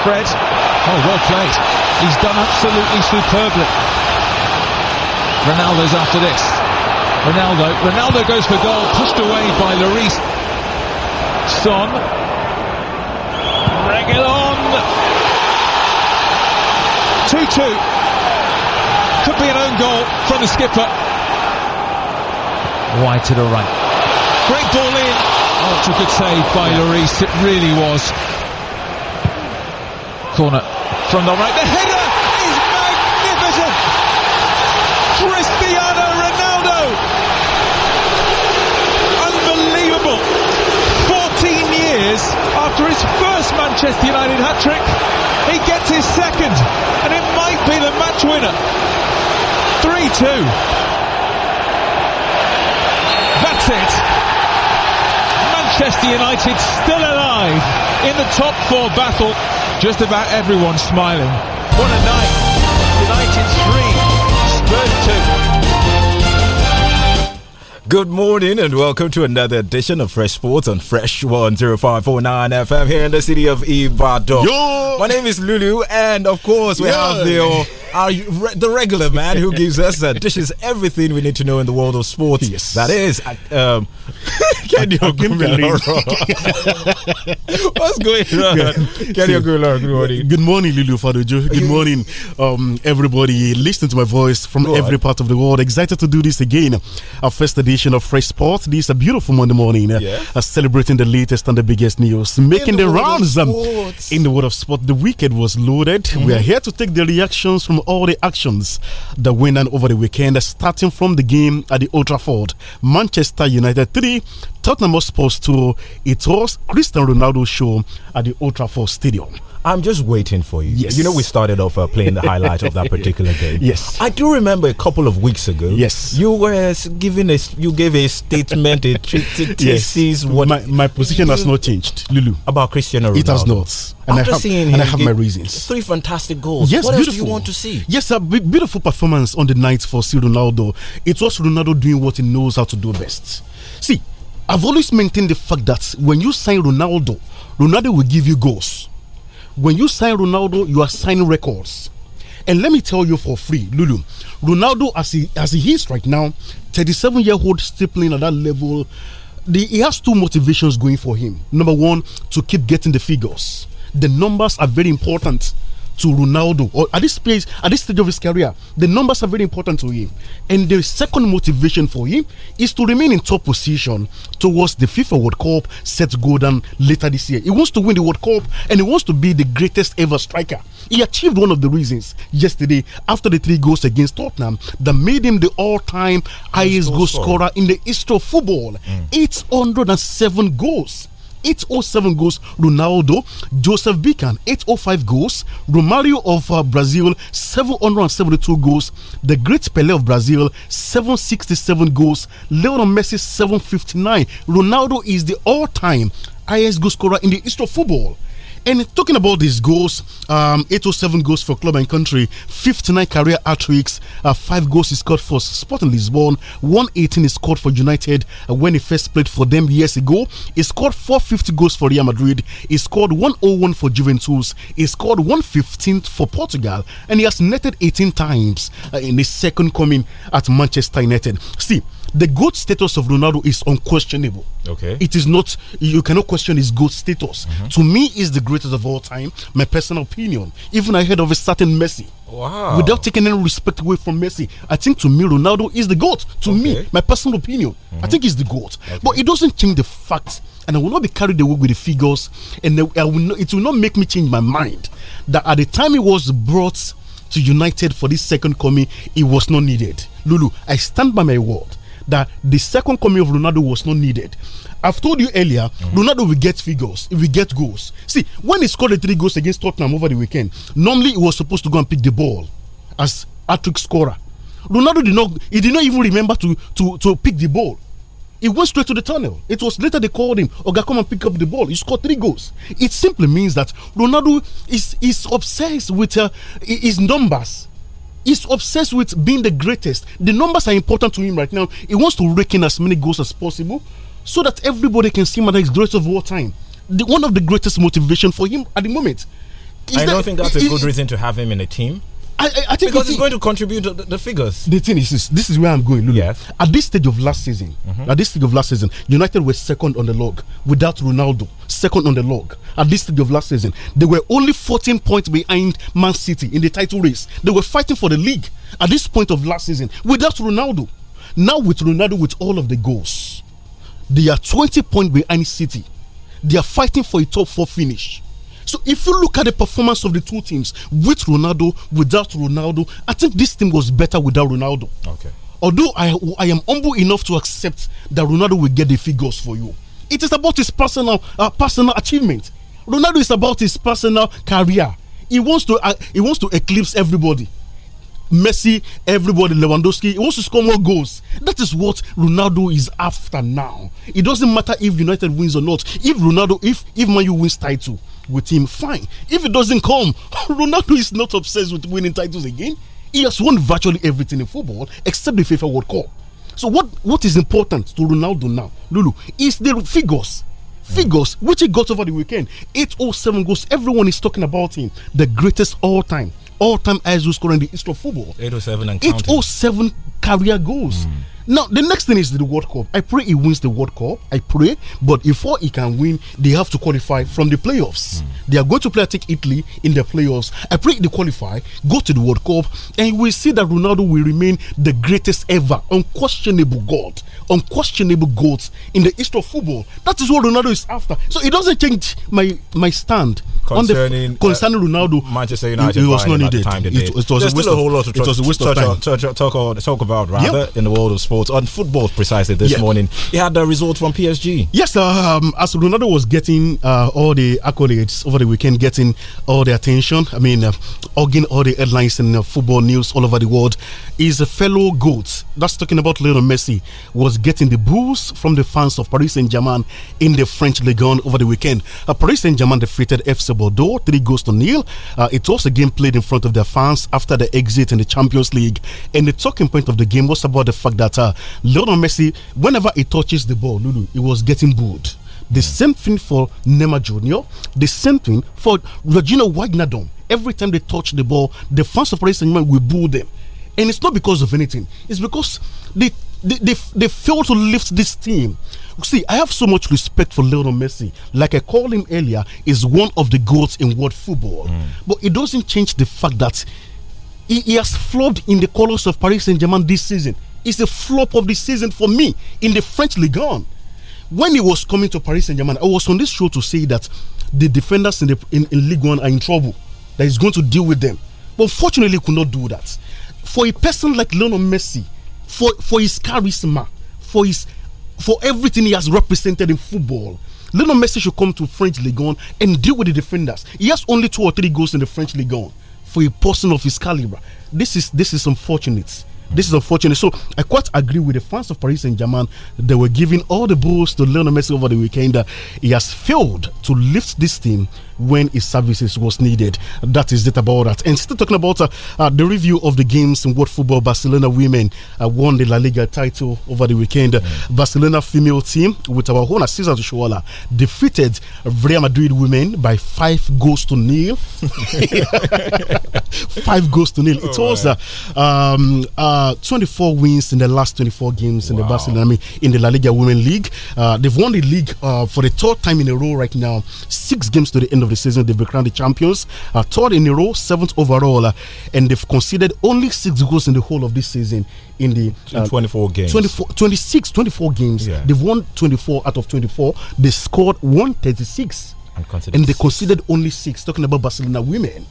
Fred. Oh, well played. He's done absolutely superbly. Ronaldo's after this. Ronaldo. Ronaldo goes for goal, pushed away by Lloris on. Reguilon. 2-2. Could be an own goal from the skipper. Wide to the right. Great ball in. Oh, good save by yeah. Lloris. It really was. Corner from the right. The header is magnificent. Chris first Manchester United hat trick. He gets his second, and it might be the match winner. 3 2. That's it. Manchester United still alive in the top four battle. Just about everyone smiling. What a night. Good morning and welcome to another edition of Fresh Sports on Fresh 10549 FM here in the city of Ibadan. Yo! My name is Lulu, and of course, we have the, uh, our, the regular man who gives us uh, dishes everything we need to know in the world of sports. Yes. That is. Um, Kediyo What's going on? Good morning. Good morning, Lulu Fadojo. Good morning, um, everybody. Listening to my voice from Go every on. part of the world. Excited to do this again. Our first edition of Fresh Sport. This is a beautiful Monday morning. Uh, yeah. Uh, celebrating the latest and the biggest news. Making the, the rounds um, in the world of sport. The weekend was loaded. Mm -hmm. We are here to take the reactions from all the actions that went on over the weekend, uh, starting from the game at the Old Trafford. Manchester United 3 Tottenham Hotspurs 2. It was Cristiano Ronaldo show at the Old Trafford Stadium. I'm just waiting for you. Yes. You know, we started off uh, playing the highlight of that particular game. Yes. I do remember a couple of weeks ago. Yes. You were giving a you gave a statement, a thesis. Yes. What my, my position you, has not changed, Lulu. About Cristiano Ronaldo. It has not. And After I have, seeing and I have my reasons. Three fantastic goals. Yes, what beautiful. else do you want to see? Yes, a beautiful performance on the night for Ronaldo. It was Ronaldo doing what he knows how to do best. See, I've always maintained the fact that when you sign Ronaldo, Ronaldo will give you goals. When you sign Ronaldo, you are signing records. And let me tell you for free, Lulu, Ronaldo, as he, as he is right now, 37 year old, still playing at that level, the, he has two motivations going for him. Number one, to keep getting the figures. The numbers are very important to Ronaldo or at this place, at this stage of his career, the numbers are very important to him. And the second motivation for him is to remain in top position towards the FIFA World Cup set to later this year. He wants to win the World Cup and he wants to be the greatest ever striker. He achieved one of the reasons yesterday after the three goals against Tottenham that made him the all-time highest goal scorer in the history of football. Mm. 807 goals. 807 goals, Ronaldo. Joseph Bican, 805 goals. Romario of uh, Brazil, 772 goals. The great Pele of Brazil, 767 goals. Lionel Messi, 759. Ronaldo is the all time highest goal scorer in the history of football and talking about these goals, um, 807 goals for club and country, 59 career hat tricks, uh, five goals he scored for Sporting Lisbon, 118 he scored for United uh, when he first played for them years ago. He scored 450 goals for Real Madrid. He scored 101 for Juventus. He scored 115 for Portugal, and he has netted 18 times uh, in his second coming at Manchester United. See the good status of Ronaldo is unquestionable. Okay. It is not, you cannot question his good status. Mm -hmm. To me, is the greatest of all time, my personal opinion. Even ahead of a certain Messi. Wow. Without taking any respect away from Messi, I think to me, Ronaldo is the GOAT. To okay. me, my personal opinion, mm -hmm. I mm-hmm. think he's the GOAT. Okay. But it doesn't change the fact, and I will not be carried away with the figures, and I will not, it will not make me change my mind that at the time he was brought to United for this second coming, it was not needed. Lulu, I stand by my word that the second coming of Ronaldo was not needed. I've told you earlier, mm. Ronaldo will get figures, if we get goals. See, when he scored the three goals against Tottenham over the weekend, normally he was supposed to go and pick the ball as a trick scorer. Ronaldo did not he did not even remember to to to pick the ball. He went straight to the tunnel. It was later they called him, Oga, come and pick up the ball. He scored three goals. It simply means that Ronaldo is is obsessed with uh, his numbers He's obsessed with being the greatest. The numbers are important to him right now. He wants to rake in as many goals as possible so that everybody can see him as greatest of all time. The, one of the greatest motivation for him at the moment. Is I that, don't think that's a good reason to have him in a team. I, I, think because he's going to contribute the, the, figures. The thing is, this, this is where I'm going, Lulu. Yes. At this stage of last season, mm -hmm. at this stage of last season, United were second on the log without Ronaldo second on the log at this stage of last season. They were only 14 points behind Man City in the title race. They were fighting for the league at this point of last season without Ronaldo. Now, with Ronaldo, with all of the goals, they are 20 points behind City. They are fighting for a top four finish. So if you look at the performance of the two teams with Ronaldo, without Ronaldo, I think this team was better without Ronaldo. Okay. Although I I am humble enough to accept that Ronaldo will get the figures for you. It is about his personal uh, personal achievement. Ronaldo is about his personal career. He wants to uh, he wants to eclipse everybody. Messi, everybody, Lewandowski, he wants to score more goals. That is what Ronaldo is after now. It doesn't matter if United wins or not. If Ronaldo, if if Manu wins title with him, fine. If it doesn't come, Ronaldo is not obsessed with winning titles again. He has won virtually everything in football except the FIFA World Cup. So what what is important to Ronaldo now, Lulu, is the figures. Figures which he got over the weekend. 807 goals. Everyone is talking about him. The greatest all time. All time as scorer in the history of football. 807 and counting. 807 career goals. Mm. Now, the next thing is the World Cup. I pray he wins the World Cup. I pray, but before he can win, they have to qualify from the playoffs. Mm. They are going to play, I think, Italy in the playoffs. I pray they qualify, go to the World Cup, and we see that Ronaldo will remain the greatest ever, unquestionable God, unquestionable GOAT in the history of football. That is what Ronaldo is after. So it doesn't change my, my stand concerning the, uh, Ronaldo, Manchester United, it, was not needed. Time it, it, was There's a waste of, a whole lot of it was a waste of time. Talk, talk, talk, talk about rather yep. in the world of sports on football precisely this yep. morning. He had the result from PSG. Yes, um, as Ronaldo was getting uh, all the accolades over the weekend, getting all the attention. I mean, uh, hugging all the headlines in uh, football news all over the world. His a fellow goat. That's talking about Lionel Messi was getting the boost from the fans of Paris Saint Germain in the French Ligue 1 over the weekend. Uh, Paris Saint Germain defeated FC Bordeaux, three goals to nil. Uh, it was a game played in front of their fans after the exit in the Champions League. And the talking point of the game was about the fact that uh, Lionel Messi, whenever he touches the ball, Lulu, he was getting booed. The same thing for Neymar Jr. The same thing for Regina Wagnadon. Every time they touch the ball, the fans of Paris Saint-Germain will boo them. And it's not because of anything. It's because they, they, they, they fail to lift this team See, I have so much respect for Lionel Messi. Like I called him earlier, is one of the goals in world football. Mm. But it doesn't change the fact that he, he has flopped in the colours of Paris Saint Germain this season. It's a flop of the season for me in the French Ligue 1. When he was coming to Paris Saint Germain, I was on this show to say that the defenders in, the, in, in League 1 are in trouble, that he's going to deal with them. But fortunately, he could not do that. For a person like Lionel Messi, for, for his charisma, for his for everything he has represented in football. Lionel Messi should come to French League and deal with the defenders. He has only two or three goals in the French League for a person of his caliber. This is this is unfortunate. This is unfortunate. So I quite agree with the fans of Paris Saint Germain. They were giving all the boosts to Lionel Messi over the weekend. He has failed to lift this team when his services was needed. That is it about that. And still talking about uh, uh the review of the games in what football Barcelona women uh, won the La Liga title over the weekend. Mm. Barcelona female team with our own assistant Shoala defeated Real Madrid women by five goals to nil. five goals to nil. It oh, was uh, um, uh, 24 wins in the last 24 games wow. in the Barcelona I mean, in the La Liga Women League. Uh, they've won the league uh, for the third time in a row right now. Six games to the end of the season, they've become the champions. Uh, third in a row, seventh overall, uh, and they've conceded only six goals in the whole of this season in the uh, 24 games 24, 26 24 games yeah. they've won 24 out of 24 they scored 136 and, and they considered only six talking about barcelona women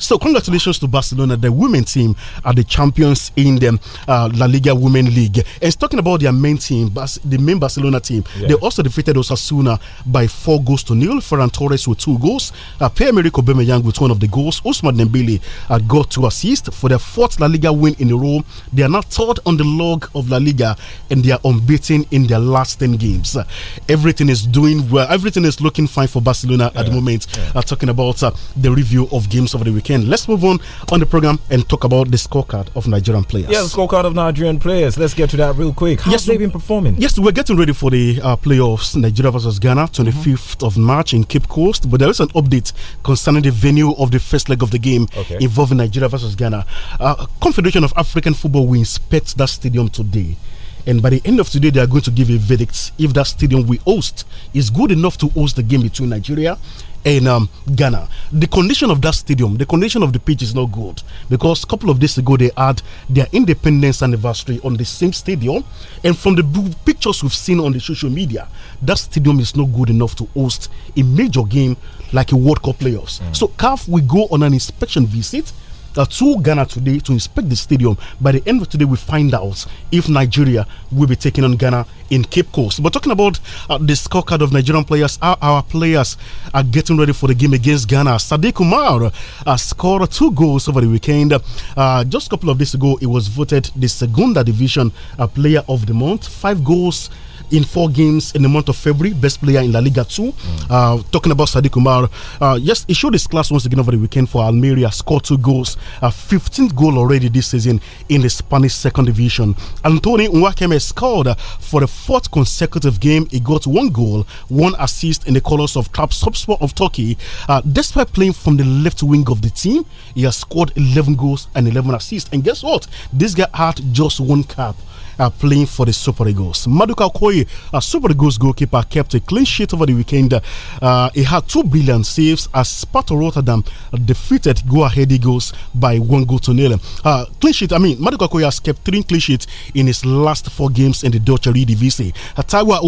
so, congratulations to Barcelona, the women team are the champions in the uh, La Liga Women League. And talking about their main team, the main Barcelona team, yeah. they also defeated Osasuna by four goals to nil. Ferran Torres with two goals, uh, Pierre-Emerick Aubameyang with one of the goals, Usman Dembele uh, got two assists for their fourth La Liga win in a row. They are now third on the log of La Liga and they are unbeaten in their last 10 games. Uh, everything is doing well. Everything is looking fine for Barcelona yeah. at the moment. Yeah. Uh, talking about uh, the review of games over the weekend. Let's move on on the program and talk about the scorecard of Nigerian players. Yeah, the scorecard of Nigerian players. Let's get to that real quick. How's yes, they been performing? Yes, we're getting ready for the uh, playoffs. Nigeria versus Ghana, 25th mm -hmm. of March in Cape Coast. But there is an update concerning the venue of the first leg of the game okay. involving Nigeria versus Ghana. Uh, Confederation of African Football will inspect that stadium today and by the end of today they are going to give a verdict if that stadium we host is good enough to host the game between Nigeria in um, Ghana. The condition of that stadium, the condition of the pitch is not good because a couple of days ago they had their independence anniversary on the same stadium, and from the pictures we've seen on the social media, that stadium is not good enough to host a major game like a World Cup playoffs. Mm. So CAF will go on an inspection visit uh, to Ghana today to inspect the stadium. By the end of today, we find out if Nigeria will be taking on Ghana in Cape Coast. But talking about uh, the scorecard of Nigerian players, our, our players are getting ready for the game against Ghana. Sadiq Kumar uh, scored two goals over the weekend. Uh, just a couple of days ago, he was voted the Segunda Division uh, Player of the Month. Five goals in four games in the month of February, best player in La Liga 2. Mm. Uh, talking about Sadiq Umar, uh, yes, he showed his class once again over the weekend for Almeria, scored two goals, uh, 15th goal already this season in the Spanish second division. Anthony Nwakeme scored for the fourth consecutive game. He got one goal, one assist in the colours of Trabzonspor of Turkey. Uh, despite playing from the left wing of the team, he has scored 11 goals and 11 assists. And guess what? This guy had just one cap are playing for the Super Eagles. Maduka Okoye, a Super Eagles goalkeeper, kept a clean sheet over the weekend. Uh, he had two brilliant saves as Sparta Rotterdam defeated Go Ahead Eagles by one goal to nil. Uh, clean sheet, I mean, Maduka Okoye has kept three clean sheets in his last four games in the Dutch Eredivisie. Uh, Taiwa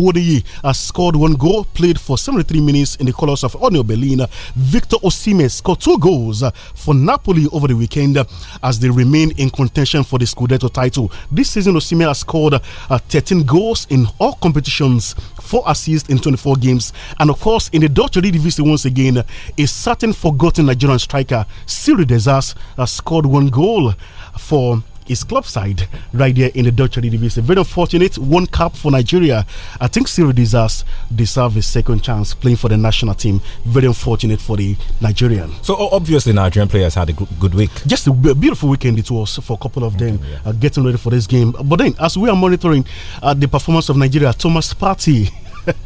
has scored one goal, played for 73 minutes in the colours of Onio Berlin. Victor Osimhen scored two goals uh, for Napoli over the weekend uh, as they remain in contention for the Scudetto title. This season, Osimhen has scored uh, 13 goals in all competitions, 4 assists in 24 games. And of course, in the Dutch Eredivisie once again, a certain forgotten Nigerian striker, Cyril Desas, uh, scored one goal for his club side right there in the Dutch Eredivisie. Very unfortunate, one cap for Nigeria. I think Cyril Desas deserves his second chance playing for the national team. Very unfortunate for the Nigerian. So obviously, Nigerian players had a good week. Just a beautiful weekend it was for a couple of them yeah. uh, getting ready for this game. But then, as we are monitoring uh, the performance of Nigeria, Thomas Partey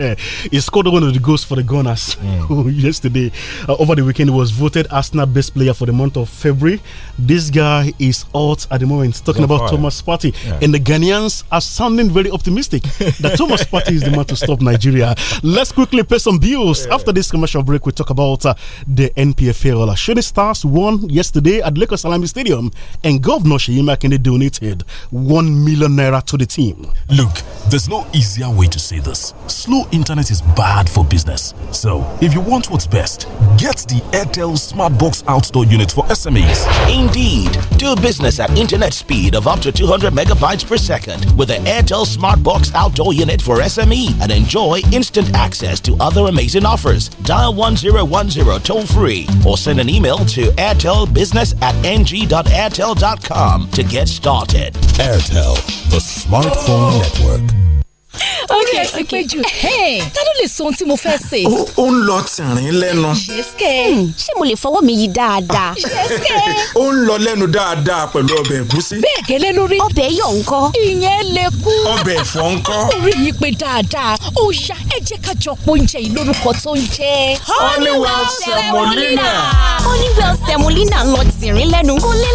he scored one of the goals for the Gunners mm. yesterday. Uh, over the weekend, he was voted Arsenal best player for the month of February. This guy is out at the moment. Talking about Thomas Partey, yeah. and the Ghanaians are sounding very optimistic that Thomas Partey is the man to stop Nigeria. Let's quickly pay some bills. Yeah. After this commercial break, we talk about uh, the NPFL. Shooting Stars won yesterday at Lagos Alami Stadium, and Governor Sheyima Kende donated one million naira to the team. Look, there's no easier way to say this slow internet is bad for business. So, if you want what's best, get the Airtel Smartbox outdoor unit for SMEs. Indeed, do business at internet speed of up to 200 megabytes per second with the Airtel Smartbox outdoor unit for SME and enjoy instant access to other amazing offers. Dial 1010 toll free or send an email to airtelbusiness at ng.airtel.com to get started. Airtel, the smartphone network. okay okay eh, ta ló lè sọ ohun tí mo fẹ́ ṣe. ó ń lọ tìrín lẹ́nu. Hmm, ṣé mo lè fọwọ́ mi yí dáadáa. ó ń lọ lẹ́nu dáadáa pẹ̀lú ọbẹ̀ ẹ̀gúsí. bẹ́ẹ̀ gẹ́lẹ́ lórí. ọbẹ̀ yọ̀ ńkọ́. ìyẹn lè kú. ọbẹ̀ ẹ̀fọ́ ńkọ́. orí yìí pé dáadáa ó yá ẹ jẹ́ ká jọ oúnjẹ yìí lórúkọ tó ń jẹ́. honeywell semolina. honeywell semolina ń lọ tìrín lẹ́nu kó lé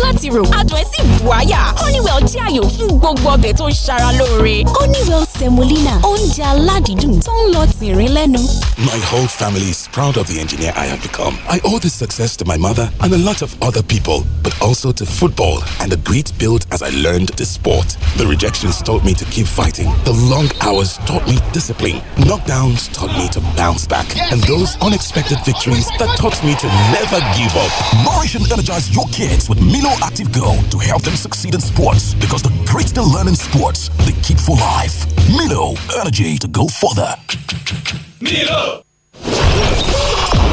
honeywell jẹ́ àyò fún gbogbo ọbẹ̀ honeywell semolina oúnjẹ aládìídùn tó ń lọ tìrín lẹ́nu. My whole family is proud of the engineer I have become. I owe this success to my mother and a lot of other people, but also to football and the grit built as I learned the sport. The rejections taught me to keep fighting. The long hours taught me discipline. Knockdowns taught me to bounce back. And those unexpected victories that taught me to never give up. Nourish and energize your kids with Milo Active Go to help them succeed in sports because the grit they learn in sports, they keep for life. Milo Milo, energy to go further. Milo!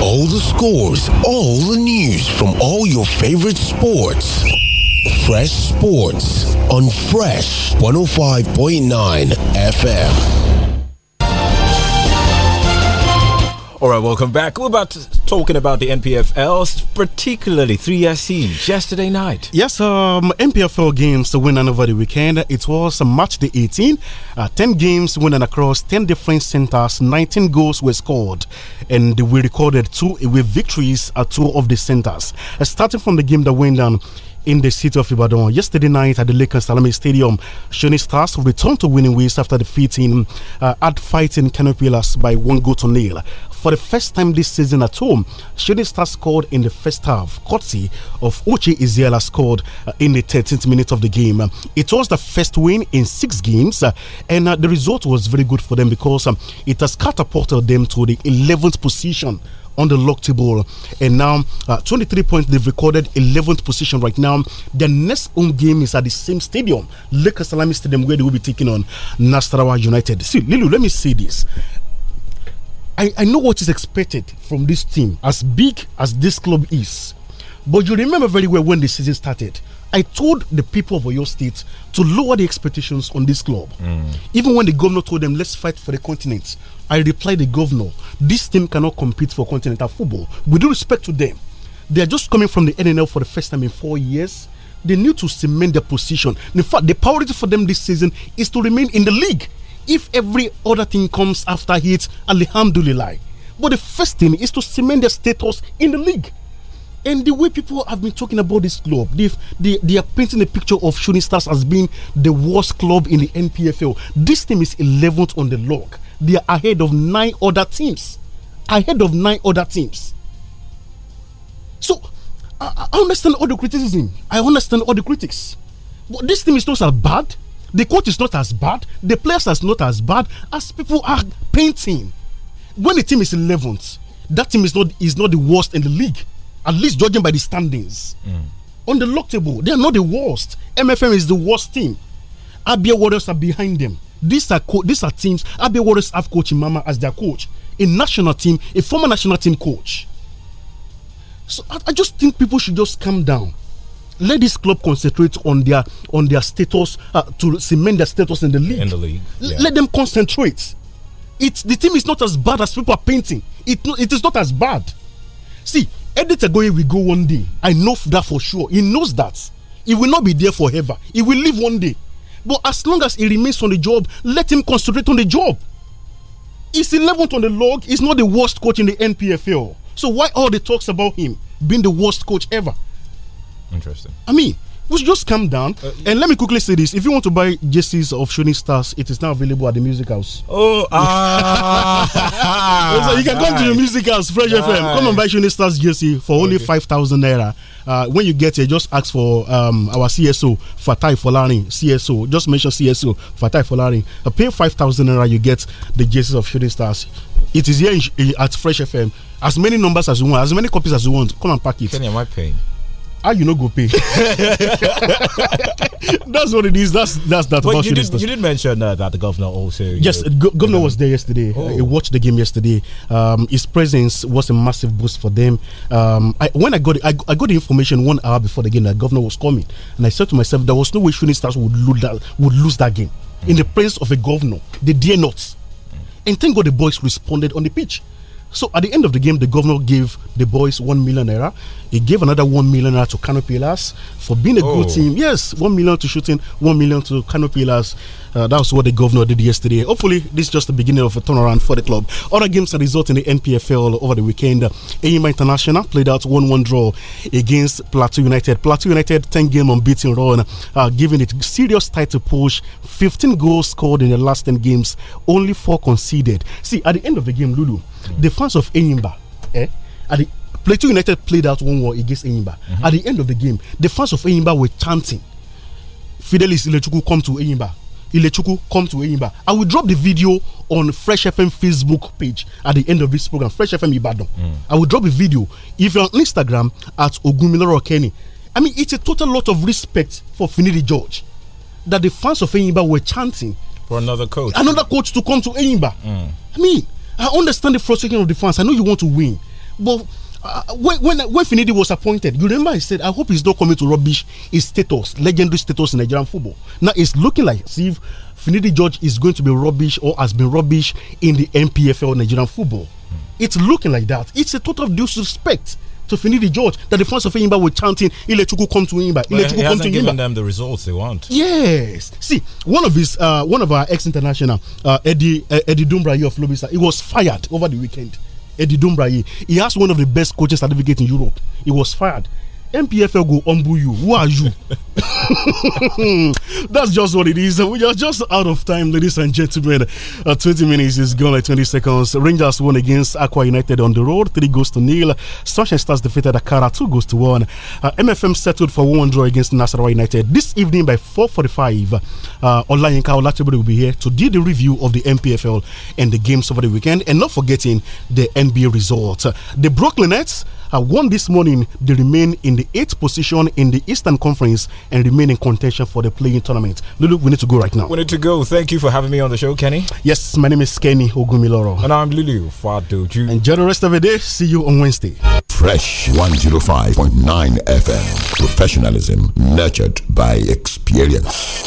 All the scores, all the news from all your favorite sports. Fresh Sports on Fresh 105.9 FM. All right, welcome back. We're about talking about the NPFL, particularly three sc yesterday night. Yes, um, NPFL games winning over the weekend. It was March the 18, uh, 10 games winning across 10 different centers. 19 goals were scored, and we recorded two away victories at two of the centers. Uh, starting from the game that went down in the city of Ibadan. Yesterday night at the Lakers Salami Stadium, Shoni Stars returned to winning ways after defeating uh, at fighting Canopilas by one goal to nil for the first time this season at home. Shooting Star scored in the first half, courtesy of Uchi Iziela scored uh, in the 13th minute of the game. it was the first win in six games, uh, and uh, the result was very good for them because um, it has catapulted them to the 11th position on the lock table. And now, uh, 23 points, they've recorded 11th position right now. Their next home game is at the same stadium, Lakers Salami Stadium, where they will be taking on Nasarawa United. See, Lilu, let me say this. I, I know what is expected from this team, as big as this club is. But you remember very well when the season started. I told the people of Oyo State to lower the expectations on this club. Mm. Even when the governor told them, let's fight for the continent, I replied, the governor, this team cannot compete for continental football. With due respect to them, they are just coming from the NNL for the first time in four years. They need to cement their position. In fact, the priority for them this season is to remain in the league if every other thing comes after it, alhamdulillah. But the first thing is to cement their status in the league. And the way people have been talking about this club, they they, they are painting a picture of Shooting Stars as being the worst club in the NPFL. This team is 11th on the log. They are ahead of nine other teams. Ahead of nine other teams. So I, I understand all the criticism. I understand all the critics. But this team is not as bad the coach is not as bad, the players are not as bad as people are painting. When a team is 11th, that team is not is not the worst in the league, at least judging by the standings. Mm. On the lock table, they are not the worst. MFM is the worst team. Abia Warriors are behind them. These are these are teams. Abia Warriors have coach Mama as their coach, a national team, a former national team coach. So I, I just think people should just calm down let this club concentrate on their on their status uh, to cement their status in the league. In the league, yeah. let them concentrate. It's the team is not as bad as people are painting. It it is not as bad. See, Eddie Tagoye will go one day. I know that for sure. He knows that. He will not be there forever. He will leave one day. But as long as he remains on the job, let him concentrate on the job. He's 11th on the log. He's not the worst coach in the NPFL. So why all the talks about him being the worst coach ever? Interesting. I mean, we should just calm down. Uh, and let me quickly say this: if you want to buy jerseys of Shooting Stars, it is now available at the Music House. Oh, ah, so you can come to the Music House, Fresh FM. Come and buy Shooting Stars jersey for only okay. five thousand naira. Uh, when you get here, just ask for um, our CSO Fatai Folani. CSO, just mention CSO Fatai Folani. Uh, pay five thousand naira, you get the jerseys of Shooting Stars. It is here in, in, at Fresh FM. As many numbers as you want, as many copies as you want. Come and pack it. Kenny, am I paying? how you no go pay? that's what it is. That's that's that. But you did, you did mention uh, that the governor also. Yes, you know, governor was there yesterday. Oh. He watched the game yesterday. Um, his presence was a massive boost for them. Um, I, when I got I, I, got the information one hour before the game that governor was coming, and I said to myself, there was no way Shooting Stars would lose that would lose that game mm. in the mm. presence of a governor. They dare not. Mm. And thank God the boys responded on the pitch. So at the end of the game, the governor gave the boys one million naira. He gave another one million naira to Canopilas for being a oh. good team. Yes, one million to shooting, one million to Canopilas. Uh, that was what the governor did yesterday. Hopefully, this is just the beginning of a turnaround for the club. Other games that result in the NPFL over the weekend. Aima International played out 1 1 draw against Plateau United. Plateau United 10 game unbeaten run, uh, giving it serious title push. 15 goals scored in the last 10 games, only 4 conceded. See, at the end of the game, Lulu, the fans of Enyimba, eh, at the Plateau United played out 1 1 against Enyimba. Mm -hmm. At the end of the game, the fans of Enyimba were chanting, Fidelis Ilechukwu come to Enyimba Ilechuku come to Eyimba. I will drop the video on Fresh FM Facebook page at the end of this program, Fresh FM Ibadan. Mm. I will drop a video. If you're on Instagram at Ogumiloro Kenny, I mean, it's a total lot of respect for Finidi George that the fans of Eyimba were chanting for another coach, another coach to come to Eyimba. Mm. I mean, I understand the frustration of the fans. I know you want to win, but uh, when, when Finidi was appointed, you remember he said, "I hope he's not coming to rubbish his status, legendary status in Nigerian football." Now it's looking like if Finidi George is going to be rubbish or has been rubbish in the NPFL Nigerian football. Hmm. It's looking like that. It's a total disrespect to Finidi George that the fans of Imba were chanting Ilechuku come to Imba. Ilechuku come to Imba. them the results they want. Yes. See, one of his uh, one of our ex international uh, Eddie uh, Eddie Dumbrayo of Lobisa, he was fired over the weekend Eddie Dumbraye. He has one of the best coaching certificates in Europe. He was fired. MPFL go humble you. Who are you? That's just what it is. We are just out of time, ladies and gentlemen. Uh, 20 minutes is gone like 20 seconds. Rangers won against Aqua United on the road, three goes to nil. Sunshine Stars defeated Akara, two goes to one. Uh, MFM settled for one draw against Nasarawa United this evening by 4:45. Uh, Olayinka Olatibori will be here to do the review of the MPFL and the games over the weekend, and not forgetting the NBA result. The Brooklyn Nets uh, won this morning, they remain in the eighth position in the Eastern Conference and remain in contention for the playing tournament. Lulu, we need to go right now. We need to go. Thank you for having me on the show, Kenny. Yes, my name is Kenny Ogumiloro. And I'm Lulu Fadoju. Enjoy the rest of the day. See you on Wednesday. Fresh 105.9 FM. Professionalism nurtured by experience.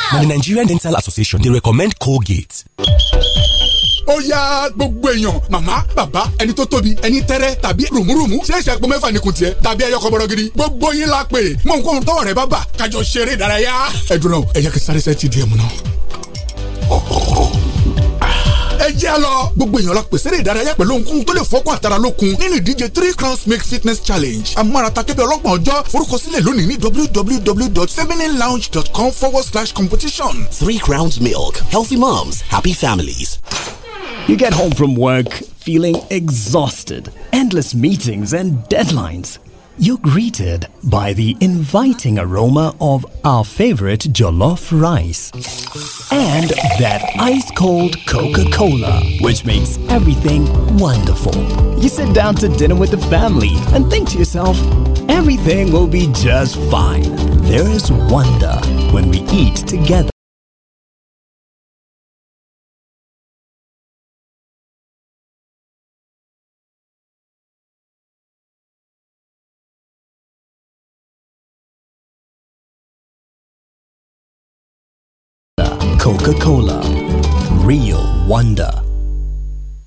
Now, the Nigerian Dental Association, they recommend Colgate. ó yá gbogbo èèyàn màmá bàbá ẹni tó tóbi ẹni tẹ́rẹ́ tàbí rùmùrùmù ṣẹ̀ṣẹ̀ pọ̀ mẹ́fà nìkun tiẹ̀ tàbí ẹyọ kọ́bọ̀rọ̀ gidi gbogbo yín la pè mọ nǹkan tọwọ́ rẹ bá bà kájọ ṣeré ìdárayá ẹ̀dùn náà ẹ̀yà kẹsàrẹ́sẹ̀ ti di ẹ̀mú náà. ẹ jẹ́ lọ. gbogbo èèyàn la pèsè ìdárayá pẹ̀lú nkún tó lè fọ́kàn àtàrà lókun nínú ìdíje three crowns make fitness challenge amárata kẹ́bẹ́ ọlọ́gbọ̀n ọjọ́ forúkọsílẹ̀ lónìí ní www.femininelounge.com forward slash competition. three crowns milk healthy moms happy families. You get home from work feeling exhausted, endless meetings and deadlines you're greeted by the inviting aroma of our favorite jollof rice and that ice cold Coca Cola, which makes everything wonderful. You sit down to dinner with the family and think to yourself, everything will be just fine. There is wonder when we eat together. Coca Cola, real wonder.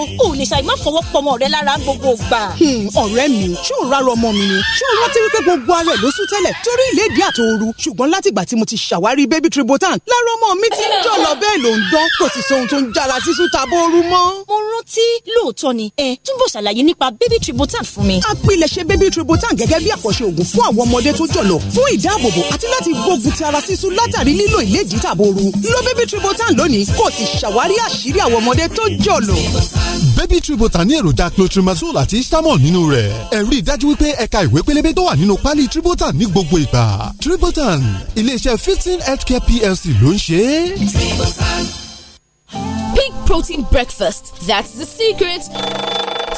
o ò lè ṣàì má fọwọ́ pọmọ rẹ lára gbogbo gbà. Hmm, ọ̀rẹ́ mi ṣé ò rárọ ọmọ mi ni ṣé o rántí wípé gbogbo ara ló sún tẹ́lẹ̀ torí ìlédìí àtòoru ṣùgbọ́n látìgbà tí mo ti ṣàwárí baby tributan lára ọmọ mi ti ń jọ̀lọ̀ bẹ́ẹ̀ ló ń dán kò sì sóhun tó ń jára sísú tabóoru mọ́. mo rántí lóòótọ́ ni ẹ túbọ̀ ṣàlàyé nípa baby tributan fún mi. a pilẹ̀ṣẹ̀ baby tributan gẹ́gẹ́ bí àkọ́ṣe òògùn fún àwọn ọmọdé tó jọ̀lọ̀ fún ìdáàbòbò àti láti gbógun ti ara sísú látàrí lílo ìlédìí tàbóoru lo baby tributan lónìí kò sì ṣàwárí àṣírí àwọn ọmọdé tó jọ̀lọ̀ baby tree butter ní èròjà clotrimazole àti istamol nínú rẹ̀ ẹ rí i dájú wípé ẹ̀ka ìwé pélébé tó wà nínú pálí tributan ní gbogbo ìgbà tributan iléeṣẹ́ fifteen healthcare plc ló ń ṣe é. pink protein breakfast that's the secret.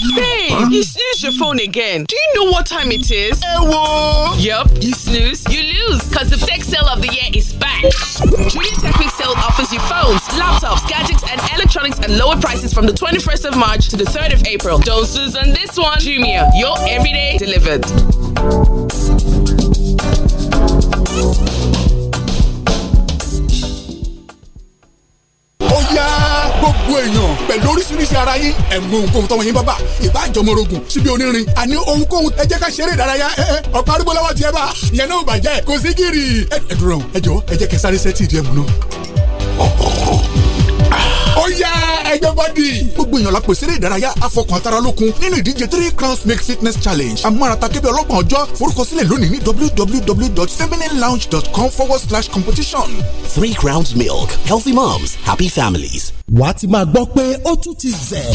Babe, huh? you snooze your phone again. Do you know what time it is? Ewo! Yep, you snooze, you lose. Because the tech sale of the year is back. Junior Technic Sale offers you phones, laptops, gadgets, and electronics at lower prices from the 21st of March to the 3rd of April. Don't snooze on this one. Junior. your everyday delivered. gbogbo èèyàn pẹ̀lú oríṣiríṣi ara yín ẹ̀ mú ohunkóhun tọ́wọ́ yín bábà ìbá àjọmọ́rogùn síbi onírin àní ohunkóhun ẹ jẹ́ ká ṣeré ìdárayá ẹ ẹ ọ̀pá arúgbó lọ́wọ́ tiẹ̀ bá ìyẹn náà bàjẹ́ kò sí gírì. ẹ dúró ẹ jọ ẹ jẹ́ kẹsàrẹ́sẹ́ tì í díẹ̀ mú náà ó yá ẹgbẹ́ bọ́dì. gbogbo èèyàn la pèsè eré ìdárayá afọkàntara lókun nínú ìdíje three crowns make fitness challenge amárata kébé ọlọ́gbọ̀n ọjọ́ forúkọsílẹ̀ lónìí ní www.femininelounge.com forward slash competition. three crowns milk healthy moms happy families. wàá ti máa gbọ́ pé ó tún ti zẹ̀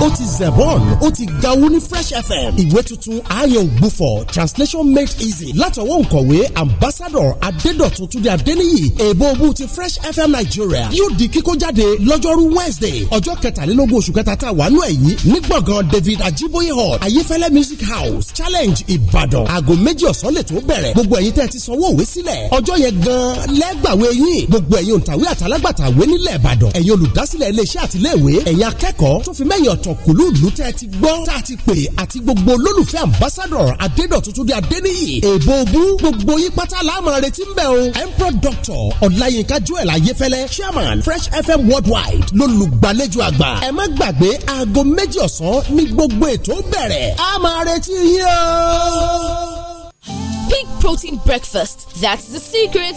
ó ti zebon ó ti gawú ní fresh fm ìwé tuntun ayọ̀ ògbufọ̀ translation made easy látọwọ́ òǹkọ̀wé ambassador adédọ̀tun túnde adéníyì èèbó ogun ti fresh fm Nigeria. yóò di kíkó jáde lọ́jọ́rú wednesday ọjọ́ kẹtàlélógún oṣù kẹta tá a wà nù ẹ̀yìn ní gbọ̀ngàn david ajiboye hall ayefẹ́lẹ́ music house challenge ìbàdàn aago méjì ọ̀sán lè tó bẹ̀rẹ̀ gbogbo ẹ̀yin tẹ́ ti sanwó òwe sílẹ̀ ọjọ́ yẹn gan-an lẹ́gbàwé yín gbogbo ẹ̀yin òǹtàwé àtàlágbàtàwé nílẹ̀ ìbàdàn ẹ̀yin olùdásílẹ̀ iléeṣẹ́ àtiléèwé ẹ̀yin akẹ́kọ̀ọ́ tó fi mẹ́yìn ọ̀tọ̀ kùlú ìlú tẹ́ ti gbọ́ tá a ti pè di adéníyì èbó ogún gbogbo yín pátá láàmú emperor doctor ọláyínká joel ayéfẹ́lẹ́ chairman fresh fm worldwide lólùgbàlejò àgbà. ẹ má gbàgbé aago méjì ọ̀sán ní gbogbo ètò bẹ̀rẹ̀. a máa retí yín o. Pink protein breakfast. That's the secret.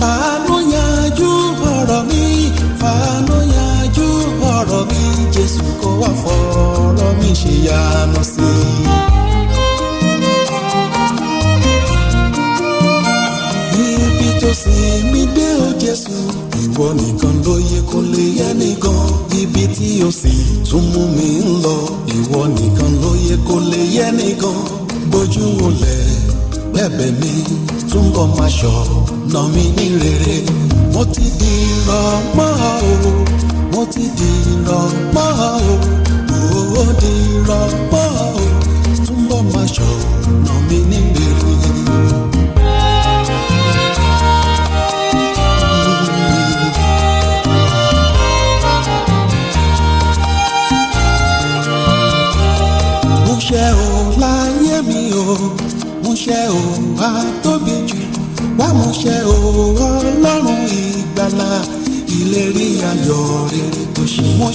fàánú yanjú ọ̀rọ̀ mi fàánú yanjú ọ̀rọ̀ mi Jésù kó wá fọ̀rọ̀ ibi tó mi dé o Jésù ìwọ nìkan ló yẹ kó ibi tí o sì mi ń lọ ìwọ nìkan ló yẹ kó lè yẹ mi túnbọ̀ máa ṣọ̀nà mi ní rere mo ti di ìrànmọ́ o mo ti di ìrànmọ́ o mo di ìrànmọ́.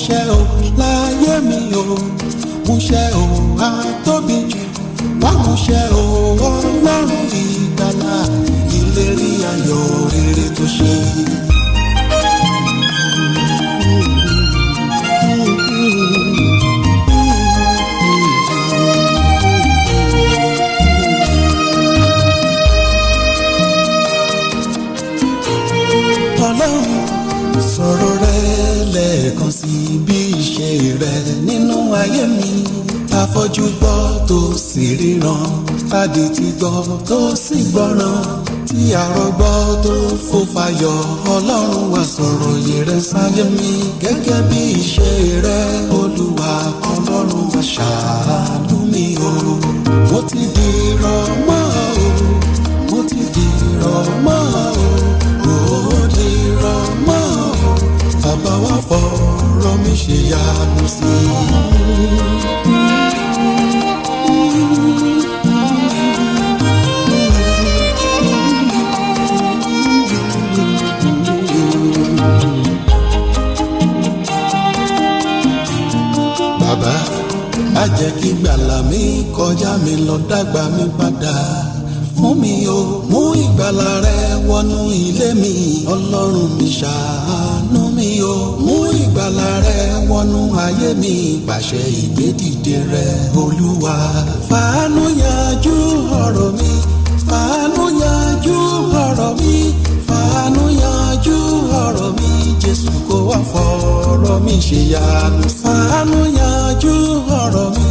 múṣẹ o láyé mi o múṣẹ o. aládé ti gbọ́ tó sì gbọ́ràn tí àrọ́gbọ́ tó fò fayọ̀ ọlọ́run wa sọ̀rọ̀ yẹrẹ sáyé mi gẹ́gẹ́ bí ìṣe rẹ olúwa ọlọ́run wa ṣàánú mi o mo ti di. jẹ́ kí gbàlà mi kọjá mi lọ dàgbà mi padà fún mi o mú ìgbàlà rẹ wọnú ilé mi ọlọ́run mi ṣàánú mi o mú ìgbàlà rẹ wọnú ayé mi pàṣẹ ìgbédìde rẹ olúwa fàánú yanjú ọ̀rọ̀ mi fàánú yanjú ọ̀rọ̀ mi fàánú yanjú ọ̀rọ̀ mi jésù kó wá fọ̀rọ̀ mi ṣèyanu fàánú yanjú ọ̀rọ̀ mi.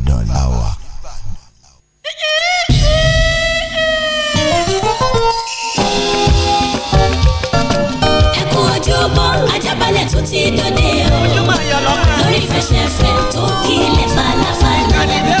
Ajábalẹ̀ tó ti dòde o lórí fẹsẹ̀fẹ̀ tó kílẹ̀ falafala.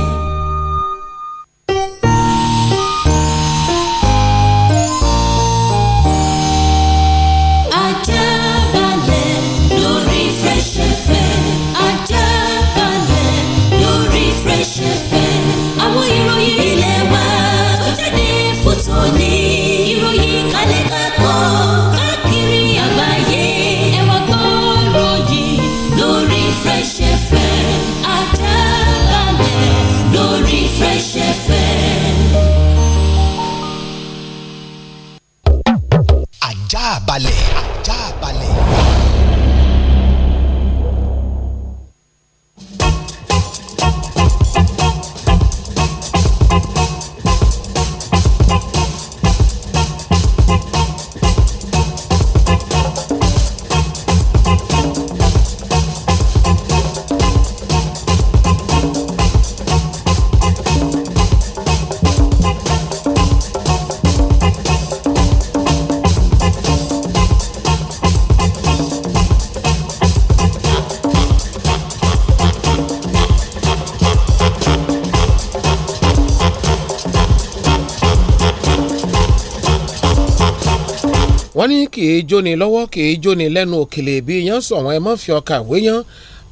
jóni lọ́wọ́ kìí jóni lẹ́nu òkèlè bí yẹn sọ̀wọ́n ẹ mọ́ fi ọkà wé yẹn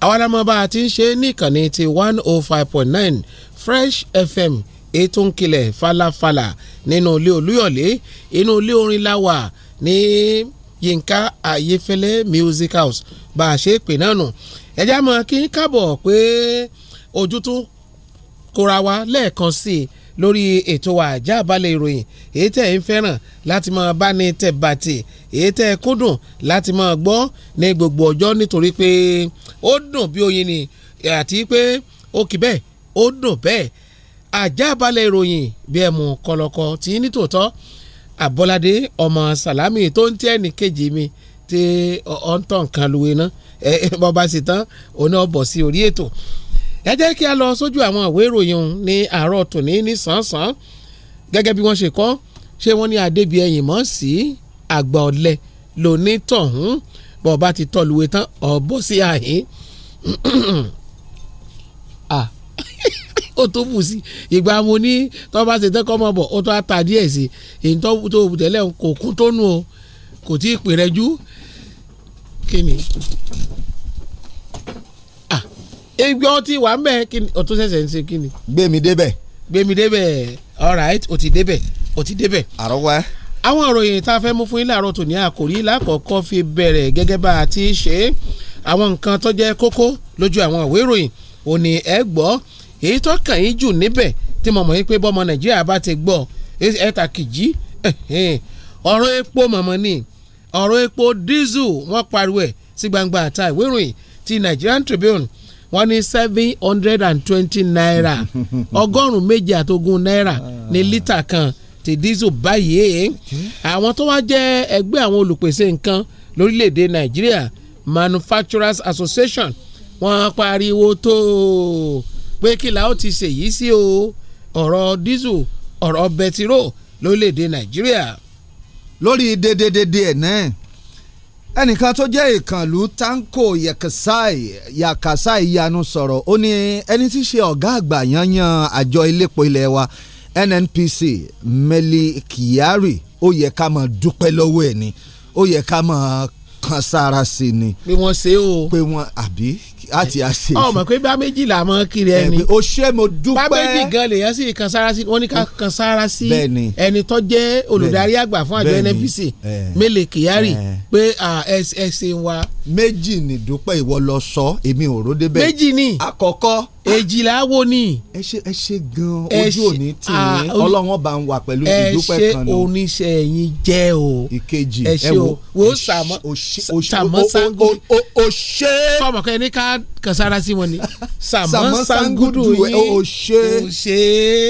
àwàdàmọ́ba àti ṣe níkànnì ti one oh five point nine fresh fm ètò ńkilẹ̀ falafala nínú ilé olúyọ̀lé inú ilé orin láwà ní yínká ayéfẹ́lẹ́ music house bá a ṣe pè náà nù ẹ̀já mọ̀ kí n kábọ̀ pé ojú tún kóra wa lẹ́ẹ̀kan sí i lórí ètò àjà àbálẹ̀ ìròyìn èyí tẹ̀ ń fẹ́ràn láti máa bá ní tẹ̀ bàtì èyí tẹ̀ kúndùn láti máa gbọ́ ní gbogbo ọjọ́ nítorí pé ó dùn bí oyin ni àti pé ó kì bẹ́ẹ̀ ó dùn bẹ́ẹ̀ àjà àbálẹ̀ ìròyìn bí ẹ̀mú kọlọ́kọ tí ní tòótọ́ àbọ̀ládé ọmọ sàlámì tó ń tẹ́ ẹnì kejì mi tí ọ̀ ń tàn kan lu iná bọ́ba sì tán òun náà bọ̀ sí orí ètò ẹ jẹ́ kí a lọ sójú àwọn ìwé ìròyìn ọ̀hún ní àárọ̀ tòní ní sàn-án gẹ́gẹ́ bí wọ́n ṣe kọ́ ṣé wọ́n ní adébíyẹ̀yìn mọ́ sí àgbà ọ̀lẹ lónítọ̀hún bọ̀ bá ti tọ́ luwe tán ọ̀bọ̀ sí àhín ah, ó tó bù sí ìgbà mo ní tọ́ bá ṣe tẹ́kọ́ mọ́ bọ̀ ó tó ata díẹ̀ sí èyí tó bù tẹ́lẹ̀ kò kún tó nù o kò tí ì pèrẹ́jú kí ni ibi ọtí wà ń bẹ kí ni ọtún ṣẹ̀ṣẹ̀ ń ṣe kí ni. débẹ̀. gbẹmí débẹ̀ all o ti débẹ̀ o ti débẹ̀. àrọ́wá. àwọn ìròyìn tá a fẹ́ mú fún yín láàárọ̀ tòní àkòrí lákọ̀ọ́kọ́ fi bẹ̀rẹ̀ gẹ́gẹ́ bá a ti ṣe é àwọn nǹkan tó jẹ́ kókó lójú àwọn ìwé ìròyìn ò ní ẹ gbọ́ èyí tó kàn yín jù níbẹ̀ tí mo mọ̀ yín pé bọ́mọ nàìjíríà bá ti gbọ́ ẹ ta kìjì ọ̀rọ̀ epo mọ̀mọ́ ni ọ̀rọ̀ epo dísù wọ́n pariwo ẹ̀ sí gbangba àta ìwé ìròyìn ti Nigerian Tribune wọ́n ní seven hundred and twenty naira ọgọ́rùn-ún méje àtogún náírà ah. ní lítà kan ti diesel báyìí àwọn tó wá jẹ́ ẹgbẹ́ àwọn olùpèsè nǹkan lórílẹ̀‐èdè nàìjíríà manufacturers association wọ́n pariwo tó pé kí la ó ti ṣèyí sí o ọ̀rọ̀ diesel ọ̀rọ̀ bẹtiró lórílẹ̀‐èdè nàìjíríà. lórí dédédédé ẹ̀ náà ẹnìkan tó jẹ́ ìkànlú tanko yakasai yakasai yanu sọ̀rọ̀ ó ní ẹni tí í ṣe ọ̀gá àgbà yanyan àjọ elépo ilé wa NNPC Meli Kyari ó yẹ ká máa dúpẹ́ lọ́wọ́ ẹ̀ ni ó yẹ ká máa kan sára sí ni. pé wọ́n ṣe o. pé wọ́n àbí àti àṣe. ọmọ pé bá méjì là mọ kiri ẹni. o ṣé mo dúpẹ́. bá méjì gan lèyàn sì kan sára sí wọn ní ká kan sára sí ẹni tó jẹ́ olùdarí àgbà fún àjọ NNPC Mele Kyari pé ẹsẹ̀ wa. méjì ni dúpẹ́ ìwọ lọ sọ èmi ò ròde bẹ́ẹ̀. méjì ni. àkọ́kọ́ èjìlá wo ni. ẹ ṣe ẹ ṣe gan ojú òní tì í ọlọ́wọ́n bá ń wà pẹ̀lú ìdúpẹ́ kan náà. ẹ ṣe oníṣẹ́ yín jẹ́ o. ìkejì ẹ wo wo sàmọ́ sàmọ́ sangudu. o ṣe. fọmọ kẹ ní ká kàsára sí wọn ni. sàmọ́ sangudu yín o ṣe. o ṣe.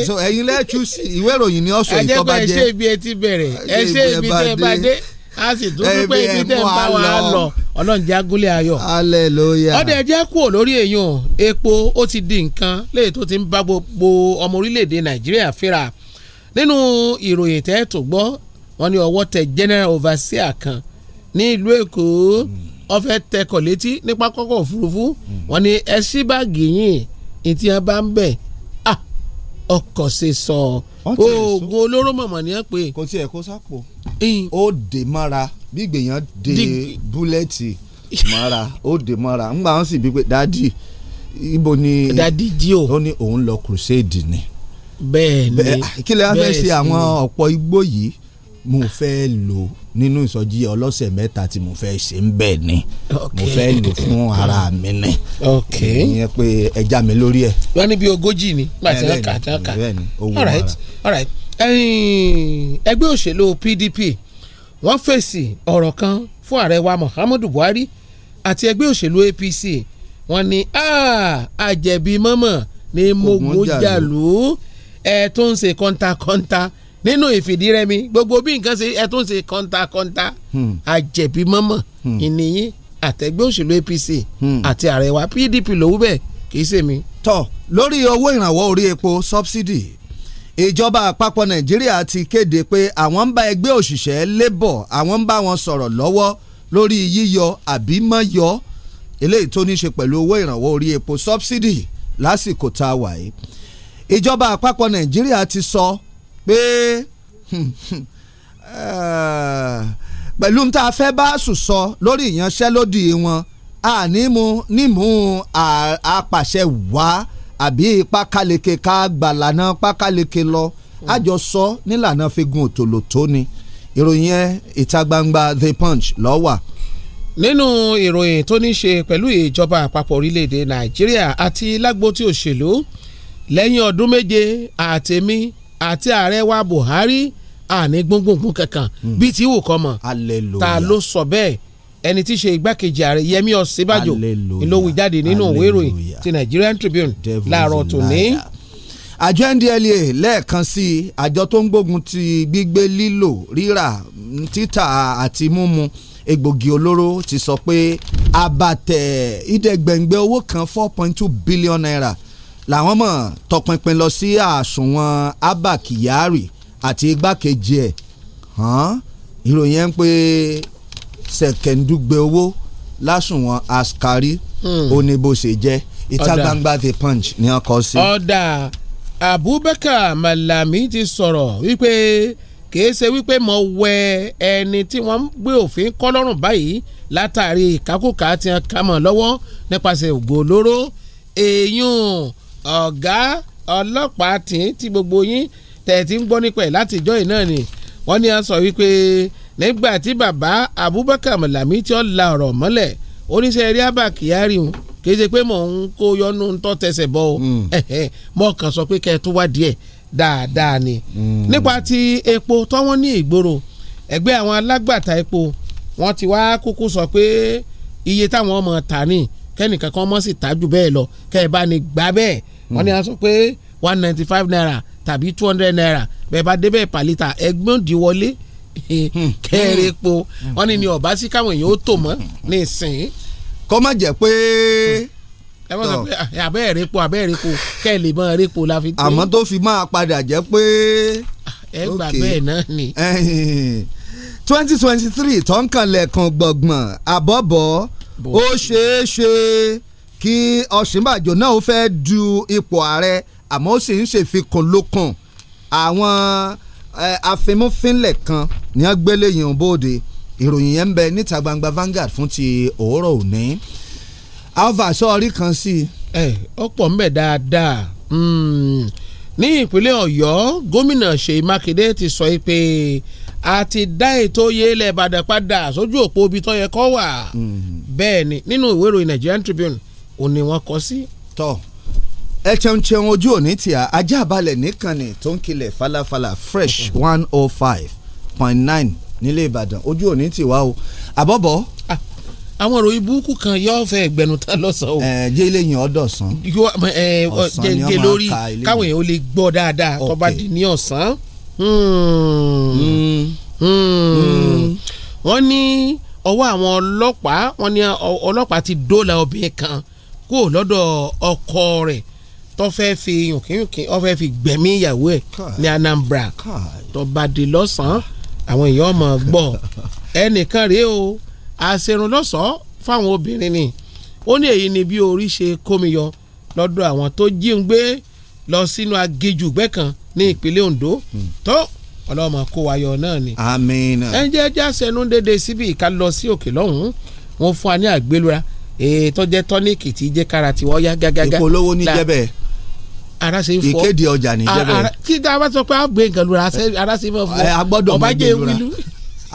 so ẹ̀yin lẹ́ẹ̀tú ìwé ìròyìn ni ọ̀sọ̀ ìtọ́bajẹ́. ajẹ́gbẹ́ ẹ ṣe ibi ẹ ti bẹ̀rẹ̀ ẹ ṣe ibi tẹ́ ẹ bá dé a sì dúró pé ibi tẹ́ ń bá wa lọ ọlọ́run jẹ́ agúnlé ayọ̀. hallelujah. ọdẹ jẹ́ kúrò lórí èèyàn epo ó ti di nǹkan léyìí tó ti ń bá gbogbo ọmọ orílẹ̀-èdè nàìjíríà fínra nínú ìròyìn tẹ́ tó gbọ́ wọ́n ní ọwọ́ tẹ general overseer kan ní ìlú èkó ọfẹ́ hmm. tẹkọ̀ létí ní pápákọ̀ òfurufú hmm. wọ́n ní ẹ sí báàgì yìí ìtìyàn bá ń bẹ̀ ah! ọkọ̀ ṣe sọ ọ́ oògùn olóró mọ̀mọ́ ni ẹ pé. kò tiẹ̀ kó sápò ó dè mára bí gbèyàn dè búlẹ́ẹ̀tì mọ́ra ó dè mọ́ra ńgbà wọn sì bí pé dádì ibo ni dádì jí o ó ní òun lọ crusade ni. bẹ́ẹ̀ ni bẹ́ẹ̀ ni kí lè fẹ́ ṣe àwọn ọ̀pọ̀ igbó yìí mo fẹ́ lò nínú ìsọjí ọlọ́sẹ̀ mẹ́ta tí mo fẹ́ ṣe ń bẹ̀ ni mo fẹ́ lò fún ara mi ni ìyẹn pé ẹja mi lórí ẹ̀. wọ́n ní bí ogójì ni gbàtí wọ́n kà tí wọ́n kà all right all right ẹgbẹ́ òṣèlú PDP wọ́n fèsì ọ̀rọ̀ kan fún ààrẹ wa Muhammadu Buhari àti ẹgbẹ́ òṣèlú APC wọ́n ní ah, àjẹbí mọ́mọ́ ni mo gbójà lù ú ẹ̀ tó ń ṣe kọ́ńtà kọ́ńtà nínú ìfìdírẹmi gbogbo bí nǹkan ṣe ẹ tún ṣe kọ́ńtà-kọ́ńtà àjẹ̀bí hmm. mọ́mọ́ hmm. ìníyín àtẹ̀gbẹ́ òṣèlú APC hmm. àti ààrẹ wa PDP lòwú bẹ́ẹ̀ kì í ṣe mi. tọ lórí owó ìrànwọ́ orí epo subsidy ìjọba àpapọ̀ Nàìjíríà ti kéde pé àwọn ń bá ẹgbẹ́ òṣìṣẹ́ labour àwọn ń bá wọn sọ̀rọ̀ lọ́wọ́ lórí yíyọ àbí mọ́yọ eléyìí tó ní ṣe pẹ̀lú owó ìrànwọ́ orí epo subsidy lásìkò tá a wà yìí ìjọba àpapọ̀ Nàìjíríà ti sọ so, pé hmm, hmm, eh, pẹ̀lú tá a fẹ́ bá sùn sọ lórí ìyanṣẹ́lódì wọn ànímú nímú apàṣẹ wá àbí ipá káleke ká gbàlànà ipá káleke lọ àjọ sọ nílànà figun òtòlótó ni ìròyìn ẹ ìta gbangba the punch ló wà nínú ìròyìn tó ní ṣe pẹ̀lú ìjọba àpapọ̀ orílẹ̀-èdè nàìjíríà àti lágbo tí òṣèlú lẹ́yìn ọdún méje àtẹ̀mí àti ààrẹ wa Buhari àní gbóngbóngbó kankan hmm. bíi ti wù kọ́ mọ̀ ta ló sọ bẹ́ẹ̀ ẹni tí í ṣe igbákejì ààrẹ Yẹmí Ọ̀ṣínbàjò ìlówó jáde nínú òwe ìròyìn ti Nigerian Tribune láàárọ̀ tòní àjọ NDLEA lẹ́ẹ̀kan sí i àjọ tó ń gbógun ti gbígbé lílò rírà títà àti mímu egbògi olóró ti sọ pé àbàtẹ̀ ìdẹ́gbẹ̀ngbẹ̀ owó kan four point two billion naira làwọn mọ̀ tọpinpin lọ sí àsùnwọ̀n Abba Kyari àti igbákejì ẹ̀ ìròyìn ẹ̀ ń pé ṣèkèǹdùgbẹ owó lásùnwọ̀n askari hmm. ó ní bó ṣe jẹ́ ìta gbangba the punch ni wọ́n kọ sí. ọ̀dà Abubakar Malami ti sọ̀rọ̀ wípé kìí ṣe wípé mo wẹ ẹni tí wọ́n ń gbé òfin kọ́ lọ́rùn báyìí látàrí ìkákùkà tí wọ́n kà mọ́ lọ́wọ́ nípasẹ̀ ògo olóró èèyàn ọ̀gá ọlọ́pàá tì í tí gbogbo yín tẹ̀tí ń gbọ́ nípa ẹ̀ láti ìjọ́ ìnáà ni wọ́n ní a sọ wípé nígbà tí bàbá Abubakar Malami tí ó la ọ̀rọ̀ mọ́lẹ̀ oníṣẹ́ rí Abba Kyari ń kì í ṣe pé mò ń kó yọnu ń tọ́ tẹsẹ̀ bọ́ o mọ̀ hmm. kàn sọ pé kẹ́ ẹ tún wá díẹ̀ dáadáa ni. Hmm. nípa ti epo tọ́wọ́n ní ìgboro ẹgbẹ́ àwọn alágbàtà epo wọ́n ti wá kúkú sọ pé iye táwọn ọmọ tà ní kẹ́nìkan kan mọ̀ sí tà bẹ́ẹ̀ lọ kẹ́ ẹ bá ní gbà bẹ́ẹ̀ wọ́n ní a sọ pé one ninety five naira tàbí two hundred naira bẹ́ẹ̀ bá débẹ̀ pàlítà ẹgbọ́n diwọlé hmm. kẹ́ẹ̀rẹ́ po wọ́n ní ni ọ̀bá sí káwọn èèyàn ó tò mọ́ ní ìsìn. kọ́ má jẹ́ pé. ẹ mọ̀ sọ pé ah, abẹ́ẹ̀ repo abẹ́ẹ̀ repo kẹ́ ẹ̀ lè mọ repo la fi. àmọ́ tó fi máa padà jẹ́ pé. Ah, ẹ gbà bẹ́ẹ̀ náà ni. twenty twenty three tó ń kanlẹ̀ kan gbọ̀ngbọ̀n àbọ̀bọ̀ ó ṣeé ṣe kí Ọ̀ṣínbàjò náà ó fẹ́ du ipò ààrẹ àmọ́ ó sì ń ṣèfikùn lókun àwọn afimúfinlẹ̀ kan ní agbéléyìn òbóde ìròyìn yẹn ń bẹ níta gbangba Vanguard fún ti òwúrọ̀ òní alva sọ́ọ̀rí kan sí i. ẹ ọ̀pọ̀ ń bẹ dáadáa hmm, ní ìpínlẹ̀ Ọ̀yọ́ gómìnà Ṣèyí Mákindé ti sọ pé a ti dá ètò yẹlẹ̀ Ìbàdàn padà sójú òpó ibi tó yẹ kó wà hmm. bẹ́ẹ̀ ni nínú ìwé ìròyìn Nigerian Tribune òun ni wọ́n kọ sí. tọ́ ẹ ṣeun ojú òní tí a ajá balẹ̀ níkànnì tó ń kilẹ̀ falafala fresh one oh five point nine nílé Ìbàdàn ojú òní tí wá o àbọ̀bọ̀ àwọn ìròyìn burúkú kan yóò fẹ́ ẹgbẹ̀rún tán lọ́sàn-án o. ẹ jẹ́ ilé yẹn ọ̀dọ̀sán. ọ̀sán ni wọ́n máa ka ilé yẹn. káwọn èèyàn ó lè gbọ́ dáadáa kó bá di ní ọ̀sán. Hmm. Hmm. Hmm. wọ́n ní ọwọ́ àwọn ọlọ́pàá wọ́n ní ọlọ́pàá ti dóòlà obìnrin kan kúrò lọ́dọ̀ ọkọ rẹ̀ tó fẹ́ fi yùnkíyùnkí ó fẹ́ fi gbẹ̀mí ìyàwó ẹ̀ ní Anambra tó bá di lọ́sàn-án àwọn èèyàn ọmọ gbọ́ ẹnìkan rèé o àṣerun lọ́sàn-án fáwọn obìnrin ni ó ní èyí ni bí orí ṣe kómiyọ lọ́dọ̀ àwọn tó jí ń gbé lọ sínú agéjù gbẹ́kan ní ìpínlẹ̀ Ondo hmm. tó ọlọ́mọ kó wa yọ náà ni. àmín. ẹ jẹ́ jẹ́ àṣẹnú dédé síbi ìka lọ sí òkè lọ́hùn-ún wọ́n fún wa ní àgbélúra èyí tó jẹ́ tọ́níkì tí jẹ́ kára tiwọ́ yá gágágá. ìpolówó ní jẹ́ bẹ́ẹ̀ ara ṣe fọ ìkéde ọjà ní jẹ́ bẹ́ẹ̀. kí tá a bá sọ pé a gbé nǹkan lura ara ṣe fọ fọ ọba jẹ́ ìwílú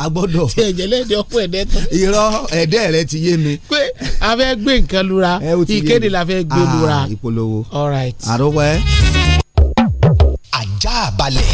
agbọ́dọ̀ tí ẹ̀jẹ̀ lẹdẹ ọkọ ẹdẹ tán. irọ́ ẹdẹ rẹ ti yé mi. pé a fẹ́ gbé nǹkan lura ìkéde la fẹ́ gbé lura. Ah, ìpolówó all right. àròwẹ́. ajá balẹ̀.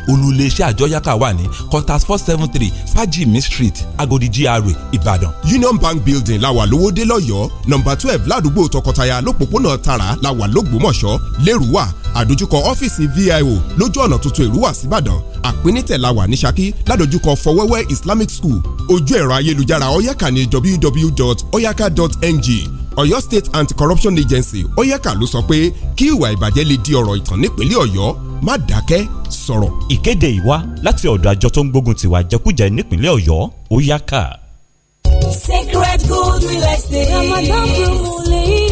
olùléṣẹ́ àjọyàká wà ní contact four seven three fajimi street agodi gra ibadan. union bank building làwà lówódé lọ́yọ́ọ́ nọ́mbà twelve ládùúgbò tọkọtaya lọ́pọ̀pọ̀nà tara làwà lógbómọ̀ṣọ́ lẹ́rùwà àdójúkọ ọ́fíìsì vio lójú ọ̀nà tuntun ìrúwà síbàdàn àpínítẹ̀ làwà ní ṣakí ládójúkọ fọwẹ́wẹ́ islamic school ojú ẹ̀rọ ayélujára oyaka ní www.oyaka.ng ọ̀yọ́ state anti-corruption agency oyaka ló sọ pé kí ìwà ìbàjẹ́ lè di ọ̀rọ̀ ìtàn nípínlẹ̀ ọ̀yọ́ má dákẹ́ sọ̀rọ̀. ìkéde ìwá láti ọ̀dọ̀ àjọ tó ń gbógun tiwa jẹkújẹ nípínlẹ̀ ọ̀yọ́ ó yá ká. sacred gold real estate ramadan promo lẹ́yìn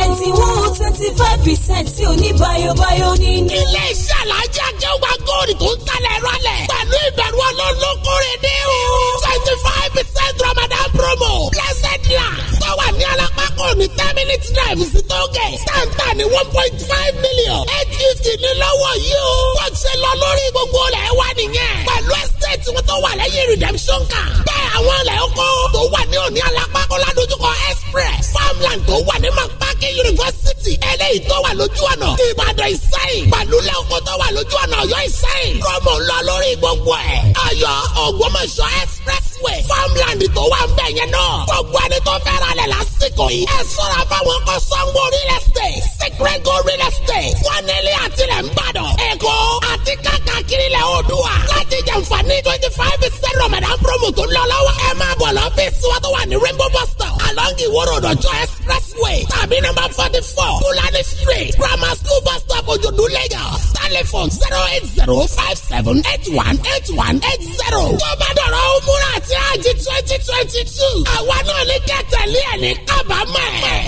one twenty five percent tí ò ní bayobayo nínú. ilé iṣẹ́ alájà jẹ́ wá góòlù tó ń talẹ̀ rọlẹ̀ pẹ̀lú ìbẹ̀rù ọlọ́lọ́kùnrin ní o twenty five percent ramadan promo blessed life ní alápákó ní ten minute drive sí tóge tàǹtà ní one point five million eight fifty ní lọ́wọ́ yìí o bó ṣe lọ lórí gbogbo rẹ̀ wá nìyẹn pẹ̀lú estate wọn tó wà lẹ́yìn redemption kan bẹ́ẹ̀ àwọn ilẹ̀ oko tó wà ní òní alápákó ládojúkọ express farmland tó wà ní mapaki university eléyìí tó wà lójú ọ̀nà ìbàdàn ìsẹ́yìn pẹ̀lú ilẹ̀ oko tó wà lójú ọ̀nà ọ̀yọ́ ìsẹ́yìn rọ́mọ̀ ń lọ lórí gbogbo ẹ̀ ọ̀yọ́ ògbómọ̀ṣọ́ expressway farmland tó wà ń bẹ̀yẹn náà gbogbo ẹni tó fẹ́ràn lẹ̀ lásán lásìkò yìí. ẹ sọ̀rọ̀ àbáwọn kan sanwó real estate secret go real estate wanilé àtìlẹ̀ ńbàdàn èkó àti kákàkiri lẹ̀ odua láti jàǹfààní twenty five percent ramadan promo tó lọ lọ́wọ́. ẹ máa bọ̀ lọ́fíìsì wa tó wà ní rainbow bus stop along iworo ọ̀dọ̀jọ́ expressway tàbí nọ́mbà forty four kulani street grammar school bus stop ojoojú lagos telephone zero eight zero five seven eight one eight one eight zero. tó bá dọ̀rọ̀ umura àti àjì twenty twenty two àwa náà lè kẹ́tẹ̀lé ẹ̀ ní kábàámọ̀ man.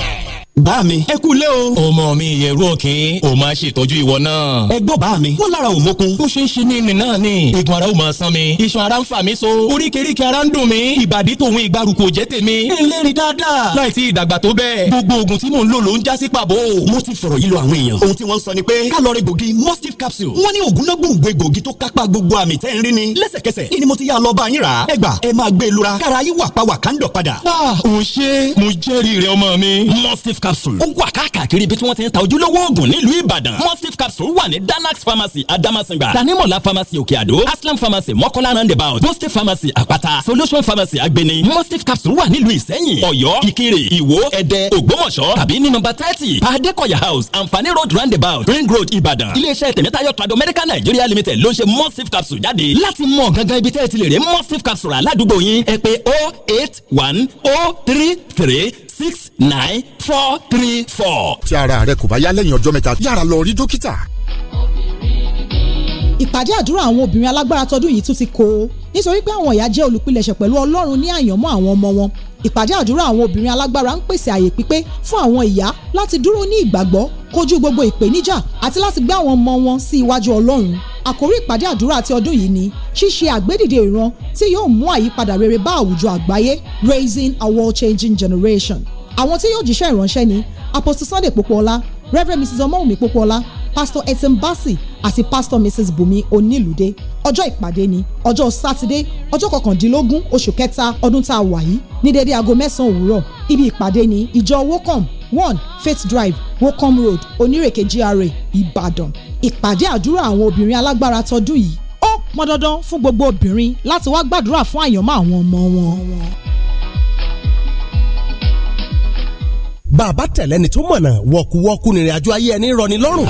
bá mi. ẹ kú o. ọmọ mi ìyẹ̀rú òkín o máa ṣètọ́jú ìwọ náà. ẹ gbọ́ bá mi. wọ́n lára ò mókun. ó ṣe ń ṣe ní ìnì náà ni. igun ara ó máa san mi. iṣan ara ń fà mí so. oríkèéríkèé ara ń dùn mí. ìbàdí tòun ìgbàrúkọ jẹ́ tèmi. ẹ dáadáa. láì ìdàgbà tó bẹ́ẹ̀. gbogbo oògùn tí mò ń lò ló ń já sí pàbó. mo ti fọ̀rọ̀ yí lọ àwọn èèyàn. ohun tí wọ́n sọ ni pé kálọ̀rì capsule. wọ́n ní oògùn náà gbòǹgbò egbògi tó ni. lẹ́sẹ̀kẹsẹ̀ ni mo ti yá lọ bá yín e lura. kára yín wà pa ah ò ṣe mo jẹ́rìí capsule ó wà káàkiri ibi tí wọ́n ti ń ta ojúlówó oògùn nílùú Ìbàdàn mustif capsule wà ní Danax pharmacy Adamasingba Tanimola pharmacy Òkè Àdó Aslam pharmacy Mọ́kọ́lá roundabout mustif pharmacy Àpáta solution pharmacy Agbeni mustif capsule wà nílùú Ìsẹ́yìn Ọ̀yọ́ Ìkirè Ìwó Ẹdẹ Ògbómọ̀ṣọ́ tàbí ní nọ́mbà thirty Pàdékọ̀yà house Anfani road roundabout ring road Ìbàdàn iléeṣẹ́ tẹ̀mẹ́tayọ̀ trado medical Nigeria limited ló ń ṣe mustif capsule jáde láti mọ̀ gangan ibi tẹ́ ti lè rí mustif capsule aládùúgbò yín ẹ pé oh eight one oh three three six nine four three four. tí ara rẹ kò bá yá lẹ́yìn ọjọ́ mẹ́ta yára lọ rí dókítà ìpàdé àdúrà àwọn obìnrin alágbára tọdún yìí tún ti kó o nítorí pé àwọn ìyá jẹ́ olùpilẹ̀ṣẹ̀ pẹ̀lú Ọlọ́run ní àyànmọ́ àwọn ọmọ wọn ìpàdé àdúrà àwọn obìnrin alágbára ń pèsè àyè pípé fún àwọn ìyá láti dúró ní ìgbàgbọ́ kojú gbogbo ìpèníjà àti láti gbé àwọn ọmọ wọn sí iwájú Ọlọ́run àkórí ìpàdé àdúrà ti ọdún yìí ni ṣíṣe àgbédìde ìran tí yóò mú àyípadà rere bá àwùjọ àgbáyé raising a world changing generation àwọn tí yóò jíṣẹ́ ìránṣẹ́ ni Apostle Sunday Popoola reverend mrs ọmọwùmí pópóọlá pastor etin bassi àti pastor mrs bùnmi onílùdé ọjọ́ ìpàdé ni ọjọ́ sátidé ọjọ́ kọkàndínlógún oṣù kẹta ọdún tá a wà yìí ní dédé aago mẹ́sàn-án òwúrọ̀ ibi ìpàdé ni ìjọ wocom one faith drive wocom road onírèké GRA ìbàdàn ìpàdé àdúrà àwọn obìnrin alágbára tọdún yìí ó pọn dandan fún gbogbo obìnrin láti wá gbàdúrà fún àyànmọ́ àwọn ọmọ wọn. bàbá tẹ̀lẹ́ni tó mọ̀nà wọ̀kúwọ́kú nìrìn àjò ayé ẹni rọ̀ ní lọ́rùn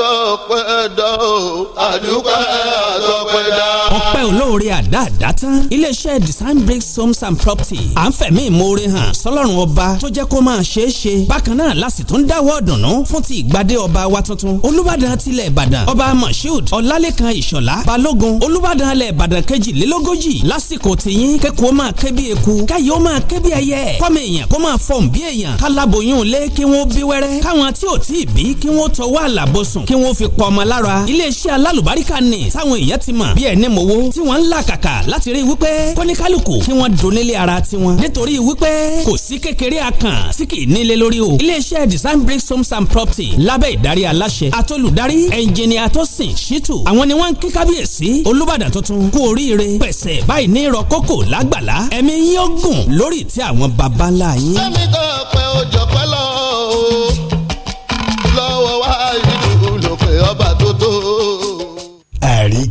àtọ̀pẹ̀dá o àdúpẹ́ àtọ̀pẹ̀dá. ọpẹ́ olóore àdáàdá tán iléeṣẹ́ design bricks homes and property à ń fẹ̀mí ìmoore hàn sọlọ́run ọba tó jẹ́ kó máa ṣeé ṣe bákan náà láti tún dáwọ́ ọ̀dùnnú fún ti ìgbàdé ọba wa tuntun olúbàdàn tilẹ̀ ìbàdàn ọba moshood ọlálékan ìṣọ̀lá balógun olúbàdàn alẹ̀ ìbàdàn kejìlélógójì lásìkò tìyín kẹ́kọ̀ọ́ máa ké bí eku káyọ̀ máa ké bí ẹyẹ kọ́mọ èèyàn kó máa fọ̀n bí èèyàn kálábòyún lé kí wọ́n bí wẹ́rẹ́ káwọn tí ò tí ì bí kí wọ́n tọwọ́ àlàbọ̀sùn kí wọ́n fi pa ọmọ lára iléeṣẹ́ alálùbáríkà ni táwọn èèyàn ti mọ̀ bí ẹni mọ̀wó tí wọ́n ń là kàkà láti rí wípé kọ́níkálùkù kí wọ́n donílé ara tiwọn nítorí wípé kò sí kékeré akàn tí kì í nílé lórí o iléeṣẹ́ design bricks homes and property lábẹ́ ìdarí aláṣẹ atolùdarí ẹnjìnìà Tósìn Ṣítù àwọn ni wọ́n ń kí kábíyèsí Olúbàdàn tuntun kú oríire pẹ̀sẹ̀ báyìí ní irọ́ kókò lágbàlá ẹ̀mí yín ó gùn ọba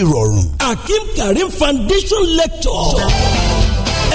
ìrọ̀rùn. Akeem Karim Foundation lecture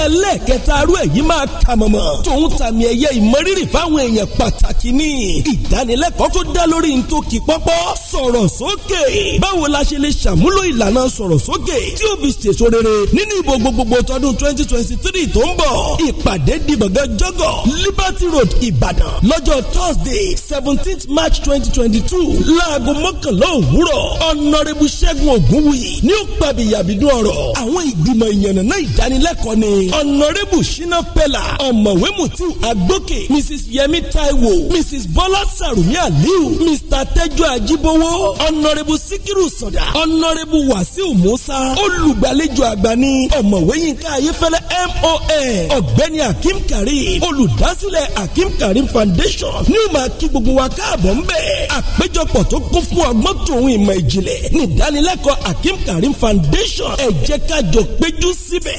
ẹlẹ́ẹ̀kẹta arú èyí máa ta mọ̀mọ́ tòun tàmì ẹ̀yẹ ìmọ̀rírì fáwọn èèyàn pàtàkì ní ìdánilẹ́kọ̀ọ́ tó dá lórí ntòkì pọ́pọ́ sọ̀rọ̀ sókè báwo la ṣe lè ṣàmúlò ìlànà sọ̀rọ̀ sókè tí ó fi ṣèṣo rere nínú ìbò gbogbogbò tọdún twenty twenty three tó ń bọ̀ ìpàdé dìbọ̀gẹ́ jọ́gọ̀ Liberty Road Ìbàdàn lọ́jọ́ Thursday seventeenth March twenty twenty two láago mọ́kànlá òwúrọ̀ ọ̀nàrẹ́bù Ṣẹ́gun Ògúnwùyí ni ó pàbíyàbídún ọ̀rọ̀ àwọn ìgbìmọ̀ ìyànnà olórin honourable shina pella ọ̀mọ̀wé mutiu agbókè mrs yemi taiwo mrs bọ́lá sàrùmí aliu mr tẹ́jọ́ ajíbówó honourable sikiru sọ̀dà honourable wasiu musa olùgbàlejò àgbà ní ọ̀mọ̀wé yínká ayéfẹ́lẹ́ mon ọ̀gbẹ́ni akim karim olùdásílẹ̀ akim karim foundation ní o máa kí gbogbo wa káàbọ̀ ń bẹ̀ àpéjọpọ̀ tó kún fún ọgbọ́n tòun ìmọ̀ ìjìnlẹ̀ ní ìdánilẹ́kọ̀ọ́ akim karim foundation ẹ jẹ́ ká jọ péjú síbẹ̀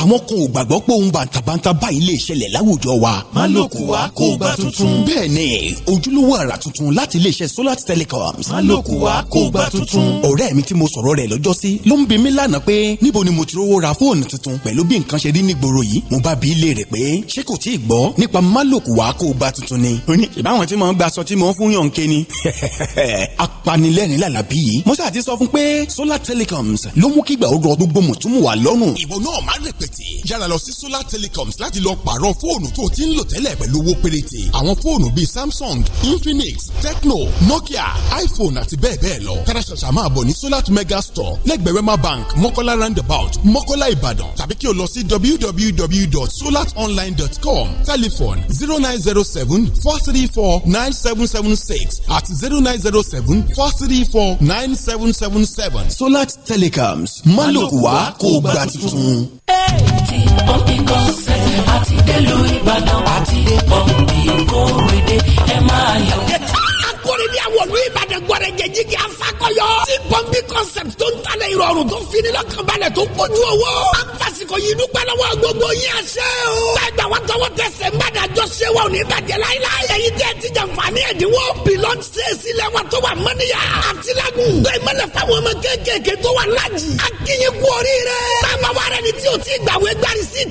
àwọn kan gbàgbọ́ pé ohun bàǹtàbàǹtà báyìí lè ṣẹlẹ̀ láwùjọ wa. má ló kù wá kó o gbà tuntun. bẹ́ẹ̀ni ojúlówó àrà tuntun láti iléeṣẹ́ solar telecoms. má ló kù wá kó o gbà tuntun. ọ̀rẹ́ mi tí mo sọ̀rọ̀ rẹ̀ lọ́jọ́ sí ló ń bi mí lánàá pé níbo ni mo ti rówó ra fóònù tuntun pẹ̀lú bí nǹkan ṣe rí nígboro yìí mo bá bi í léèrè pé ṣé kò tí gbọ́ nípa má ló kù wá kó o tuntun ni. ó ní ìbáwọn tí mò ń gba aṣọ tí mò ń telecoms ló mú kígbà ó rọ gbogbo mùtúmùwà má rẹpẹtẹ yára lọ sí solar telecoms láti lọ pààrọ̀ fóònù tó ti ń lò tẹ́lẹ̀ pẹ̀lú owó péréte àwọn fóònù bíi samsung infinix tecno nokia iphone àti bẹ́ẹ̀ bẹ́ẹ̀ lọ tara ṣàṣà máa bọ̀ ní solar mega store lẹ́gbẹ̀ẹ́ bank mọ́kọ́lá roundabout mọ́kọ́lá ìbàdàn tàbí kí o lọ sí www.solatonline.com telephone zero nine zero seven four three four nine seven seven six àti zero nine zero seven four three four nine seven seven seven solar telecoms má lòkùwá kó o tuntun ti pọ́ǹpì concept àti délùú Ìbàdàn àti pọ́ǹpì kórèdè ẹ máa yọ̀ ní àwọ̀lú ìbàdàn gbọ́dọ̀ jẹ́jì kí a fa tí pọ́ńpì concept tó ń talẹ̀ ìrọ̀rùn tó fi ní lọ́kànbalẹ̀ tó kojú owó. a ń fasikọ yìí dúpẹ́ lọ́wọ́ gbogbo yín àṣẹ o. gbàgbà wa tọwọ́ tẹsẹ̀ ń bàdà jọ ṣe wa ò ní bàjẹ́ láíláí. èyí tẹ́ ti jàǹfààní ẹ̀dínwó. pilọ́n ṣe é sílẹ̀ wa tó wà mọ́níyà. àtìlágùn bẹ́ẹ̀ mẹ́lẹ̀ fáwọn ọmọ kéékèèké tó wà lájì. a kì í kú oríire. bàbá wa rẹ ni tí o ti gbàwé gbárí sí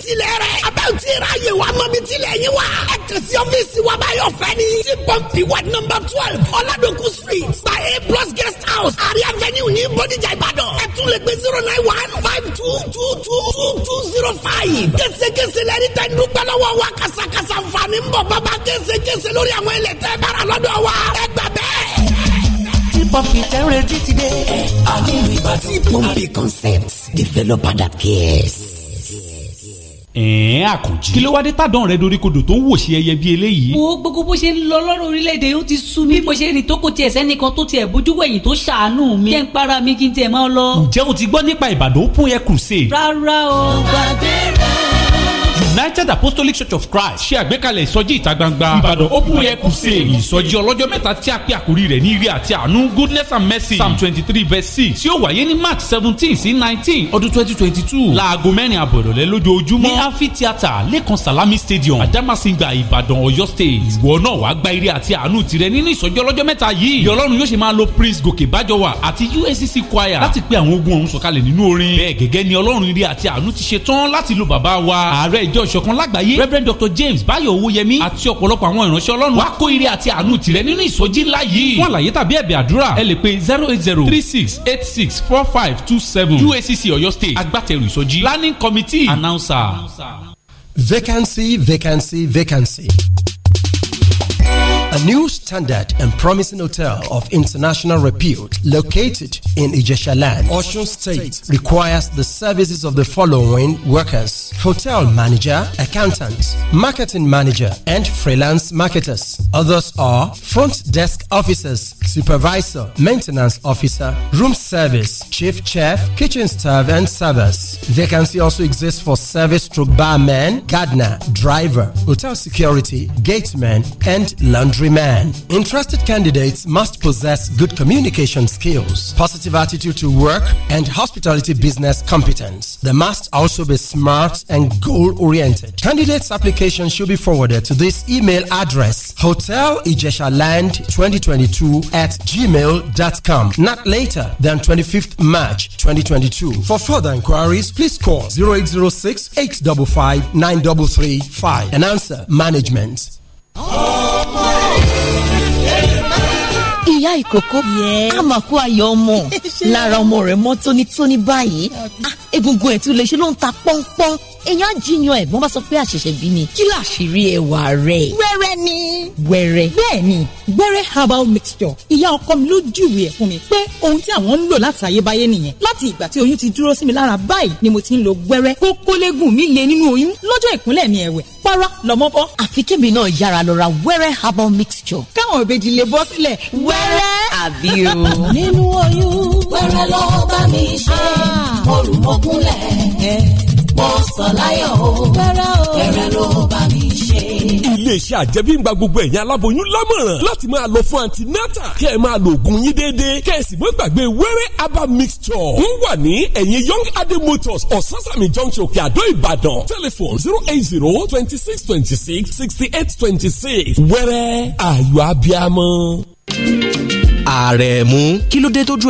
ọ̀làdọ̀kù street by a plus guest house àrí avenue ní bodijà ìbàdàn ẹ tún lè gbé zero nine one five two two two two two zero five kẹsẹkẹsẹ lẹ́ni tẹ́ ń dúpẹ́ lọ́wọ́ wa kàṣàkàṣà nfààní ń bọ̀ bàbá kẹsẹkẹsẹ lórí àwọn ilẹ̀ tẹ́ bára lọ́dọ̀ wa ẹ gbà bẹ́ẹ̀ pọ́ǹpì tẹ́ ń retí ti dé. àní ìbátí pọ́ǹpì concept developer that cares ẹ̀ẹ́n àkànjí. kí ló wá dé tàdán rẹ dorí kodò tó ń wò sí ẹyẹ bí eléyìí. wo gbogbo bó ṣe ń lọ lọ́rọ̀ orílẹ̀-èdè yóò ti sú mi. bí mo ṣe rìn tó kò tiẹ̀ sẹ́nìkan tó tiẹ̀ bójú wẹ̀yìn tó ṣàánú mi. jẹ́ ń para mi kí n tiẹ̀ máa lọ. ǹjẹ́ o ti gbọ́ nípa Ìbàdàn Open Air Crusade. rárá o gbàgbé rẹ̀. United Apostolic Church of Christ ṣe àgbékalẹ̀ ìsọjí ìta gbangba Ìbàdàn open air crusade ìsọjí ọlọ́jọ́ mẹ́ta tí a pè àkórí rẹ̀ ní ire àti àánú goodness and mercy psalm twenty three verse six tí ó wáyé ní march seventeen sí nineteen ọdún twenty twenty two láago mẹ́rin àbọ̀rọ̀lẹ́ lójoojúmọ́ ní afi theatre lẹ́kan salami stadium adamasingba Ìbàdàn Ọ̀yọ́ state ìwọ náà wàá gba ire àti àánú tirẹ̀ nínú ìsọjí ọlọ́jọ́ mẹ́ta yìí ìyọlọ́run yóò ṣe máa lo prince gòkè bájọwà àti UACC choir láti pe àwọn ogun ọ̀hún sọ̀kalẹ̀ nínú orin bẹ́ẹ̀ gẹ́gẹ́ ni ọlọ́run ire àti àánú ti ṣe tán láti lo bàbá wa ààrẹ ìjọ àjọ lágbàáyé reverend dr james báyọ̀ owóyẹmí àti ọ̀pọ̀lọpọ̀ àwọn ìránṣẹ́ ọlọ́run wàá kó ire àti àánú tirẹ̀ nínú ìsọjí ńlá yìí fún àlàyé tàbí ẹ̀bẹ̀ àdúrà ẹ lè pe zero eight zero three six eight six four five two seven uacc ọ̀yọ́ state agbátẹrù ìsọjí planning committee announcer. vacancy vacancy vacancy. A new standard and promising hotel of international repute located in Ijeshaland, Osun State requires the services of the following workers. Hotel manager, accountant, marketing manager and freelance marketers. Others are front desk officers, supervisor, maintenance officer, room service, chief chef, kitchen staff and servers. Vacancy also exists for service stroke barman, gardener, driver, hotel security, gateman and laundry man. Interested candidates must possess good communication skills, positive attitude to work, and hospitality business competence. They must also be smart and goal oriented. Candidates' applications should be forwarded to this email address hotel Land 2022 at gmail.com not later than 25th March 2022. For further inquiries, please call 0806 855 9335 and answer management. Oh! ìyá ìkókó amaku ayọ̀ ọmọ lára ọmọ rẹ̀ mọ́ tónítóní báyìí ah, egungun ẹ̀ tún lè ṣe ló ń ta pọ́npọ́n èèyàn jiyan ẹ̀gbọ́n bá sọ pé àṣẹ̀ṣẹ̀ bí ni kí làṣírí ẹwà rẹ̀. wẹ́rẹ́ ni. wẹ́rẹ́. bẹ́ẹ̀ni wẹ́rẹ́ herbal mixture ìyá ọkọ mi ló júwèé ẹ̀ fún mi pé ohun tí àwọn ń lò láti àyébáyé nìyẹn láti ìgbà tí oyún ti dúró sí mi lára báyìí ni mo ti ń lo wẹ́rẹ́ kókólégùn mi lè nínú oyún lọ́jọ́ ìkúnlẹ̀ mi ẹ̀wẹ̀ para lọ́mọ bọ́. àfi kébì náà yára lọ ra wẹ́rẹ́ herbal mixture. káwọn òbejì lè bọ́ sílẹ̀ w wẹ́rẹ́ àbí o. nínú oyún wẹ́rẹ́ lọ bá mi ṣe ah. mo rù mọ́ kúnlẹ̀ eh. mo sọ láyọ̀ o wẹ́rẹ́ ló bá mi ṣe iléeṣẹ́ àjẹmíngba gbogbo ẹ̀yin aláboyún lámọ̀ràn láti máa lọ fún antinata kí ẹ máa lo oògùn yín déédéé kí ẹ sì mọ́ gbàgbé wẹ́rẹ́ herbal mixture ń wà ní ẹ̀yìn young adé motors ososani junction òkè àdó ìbàdàn telephone zero eight zero twenty six twenty six sixty eight twenty six wẹ́rẹ́ ayọ̀ abiamọ ààrẹ mú kí ló dé tójú ẹ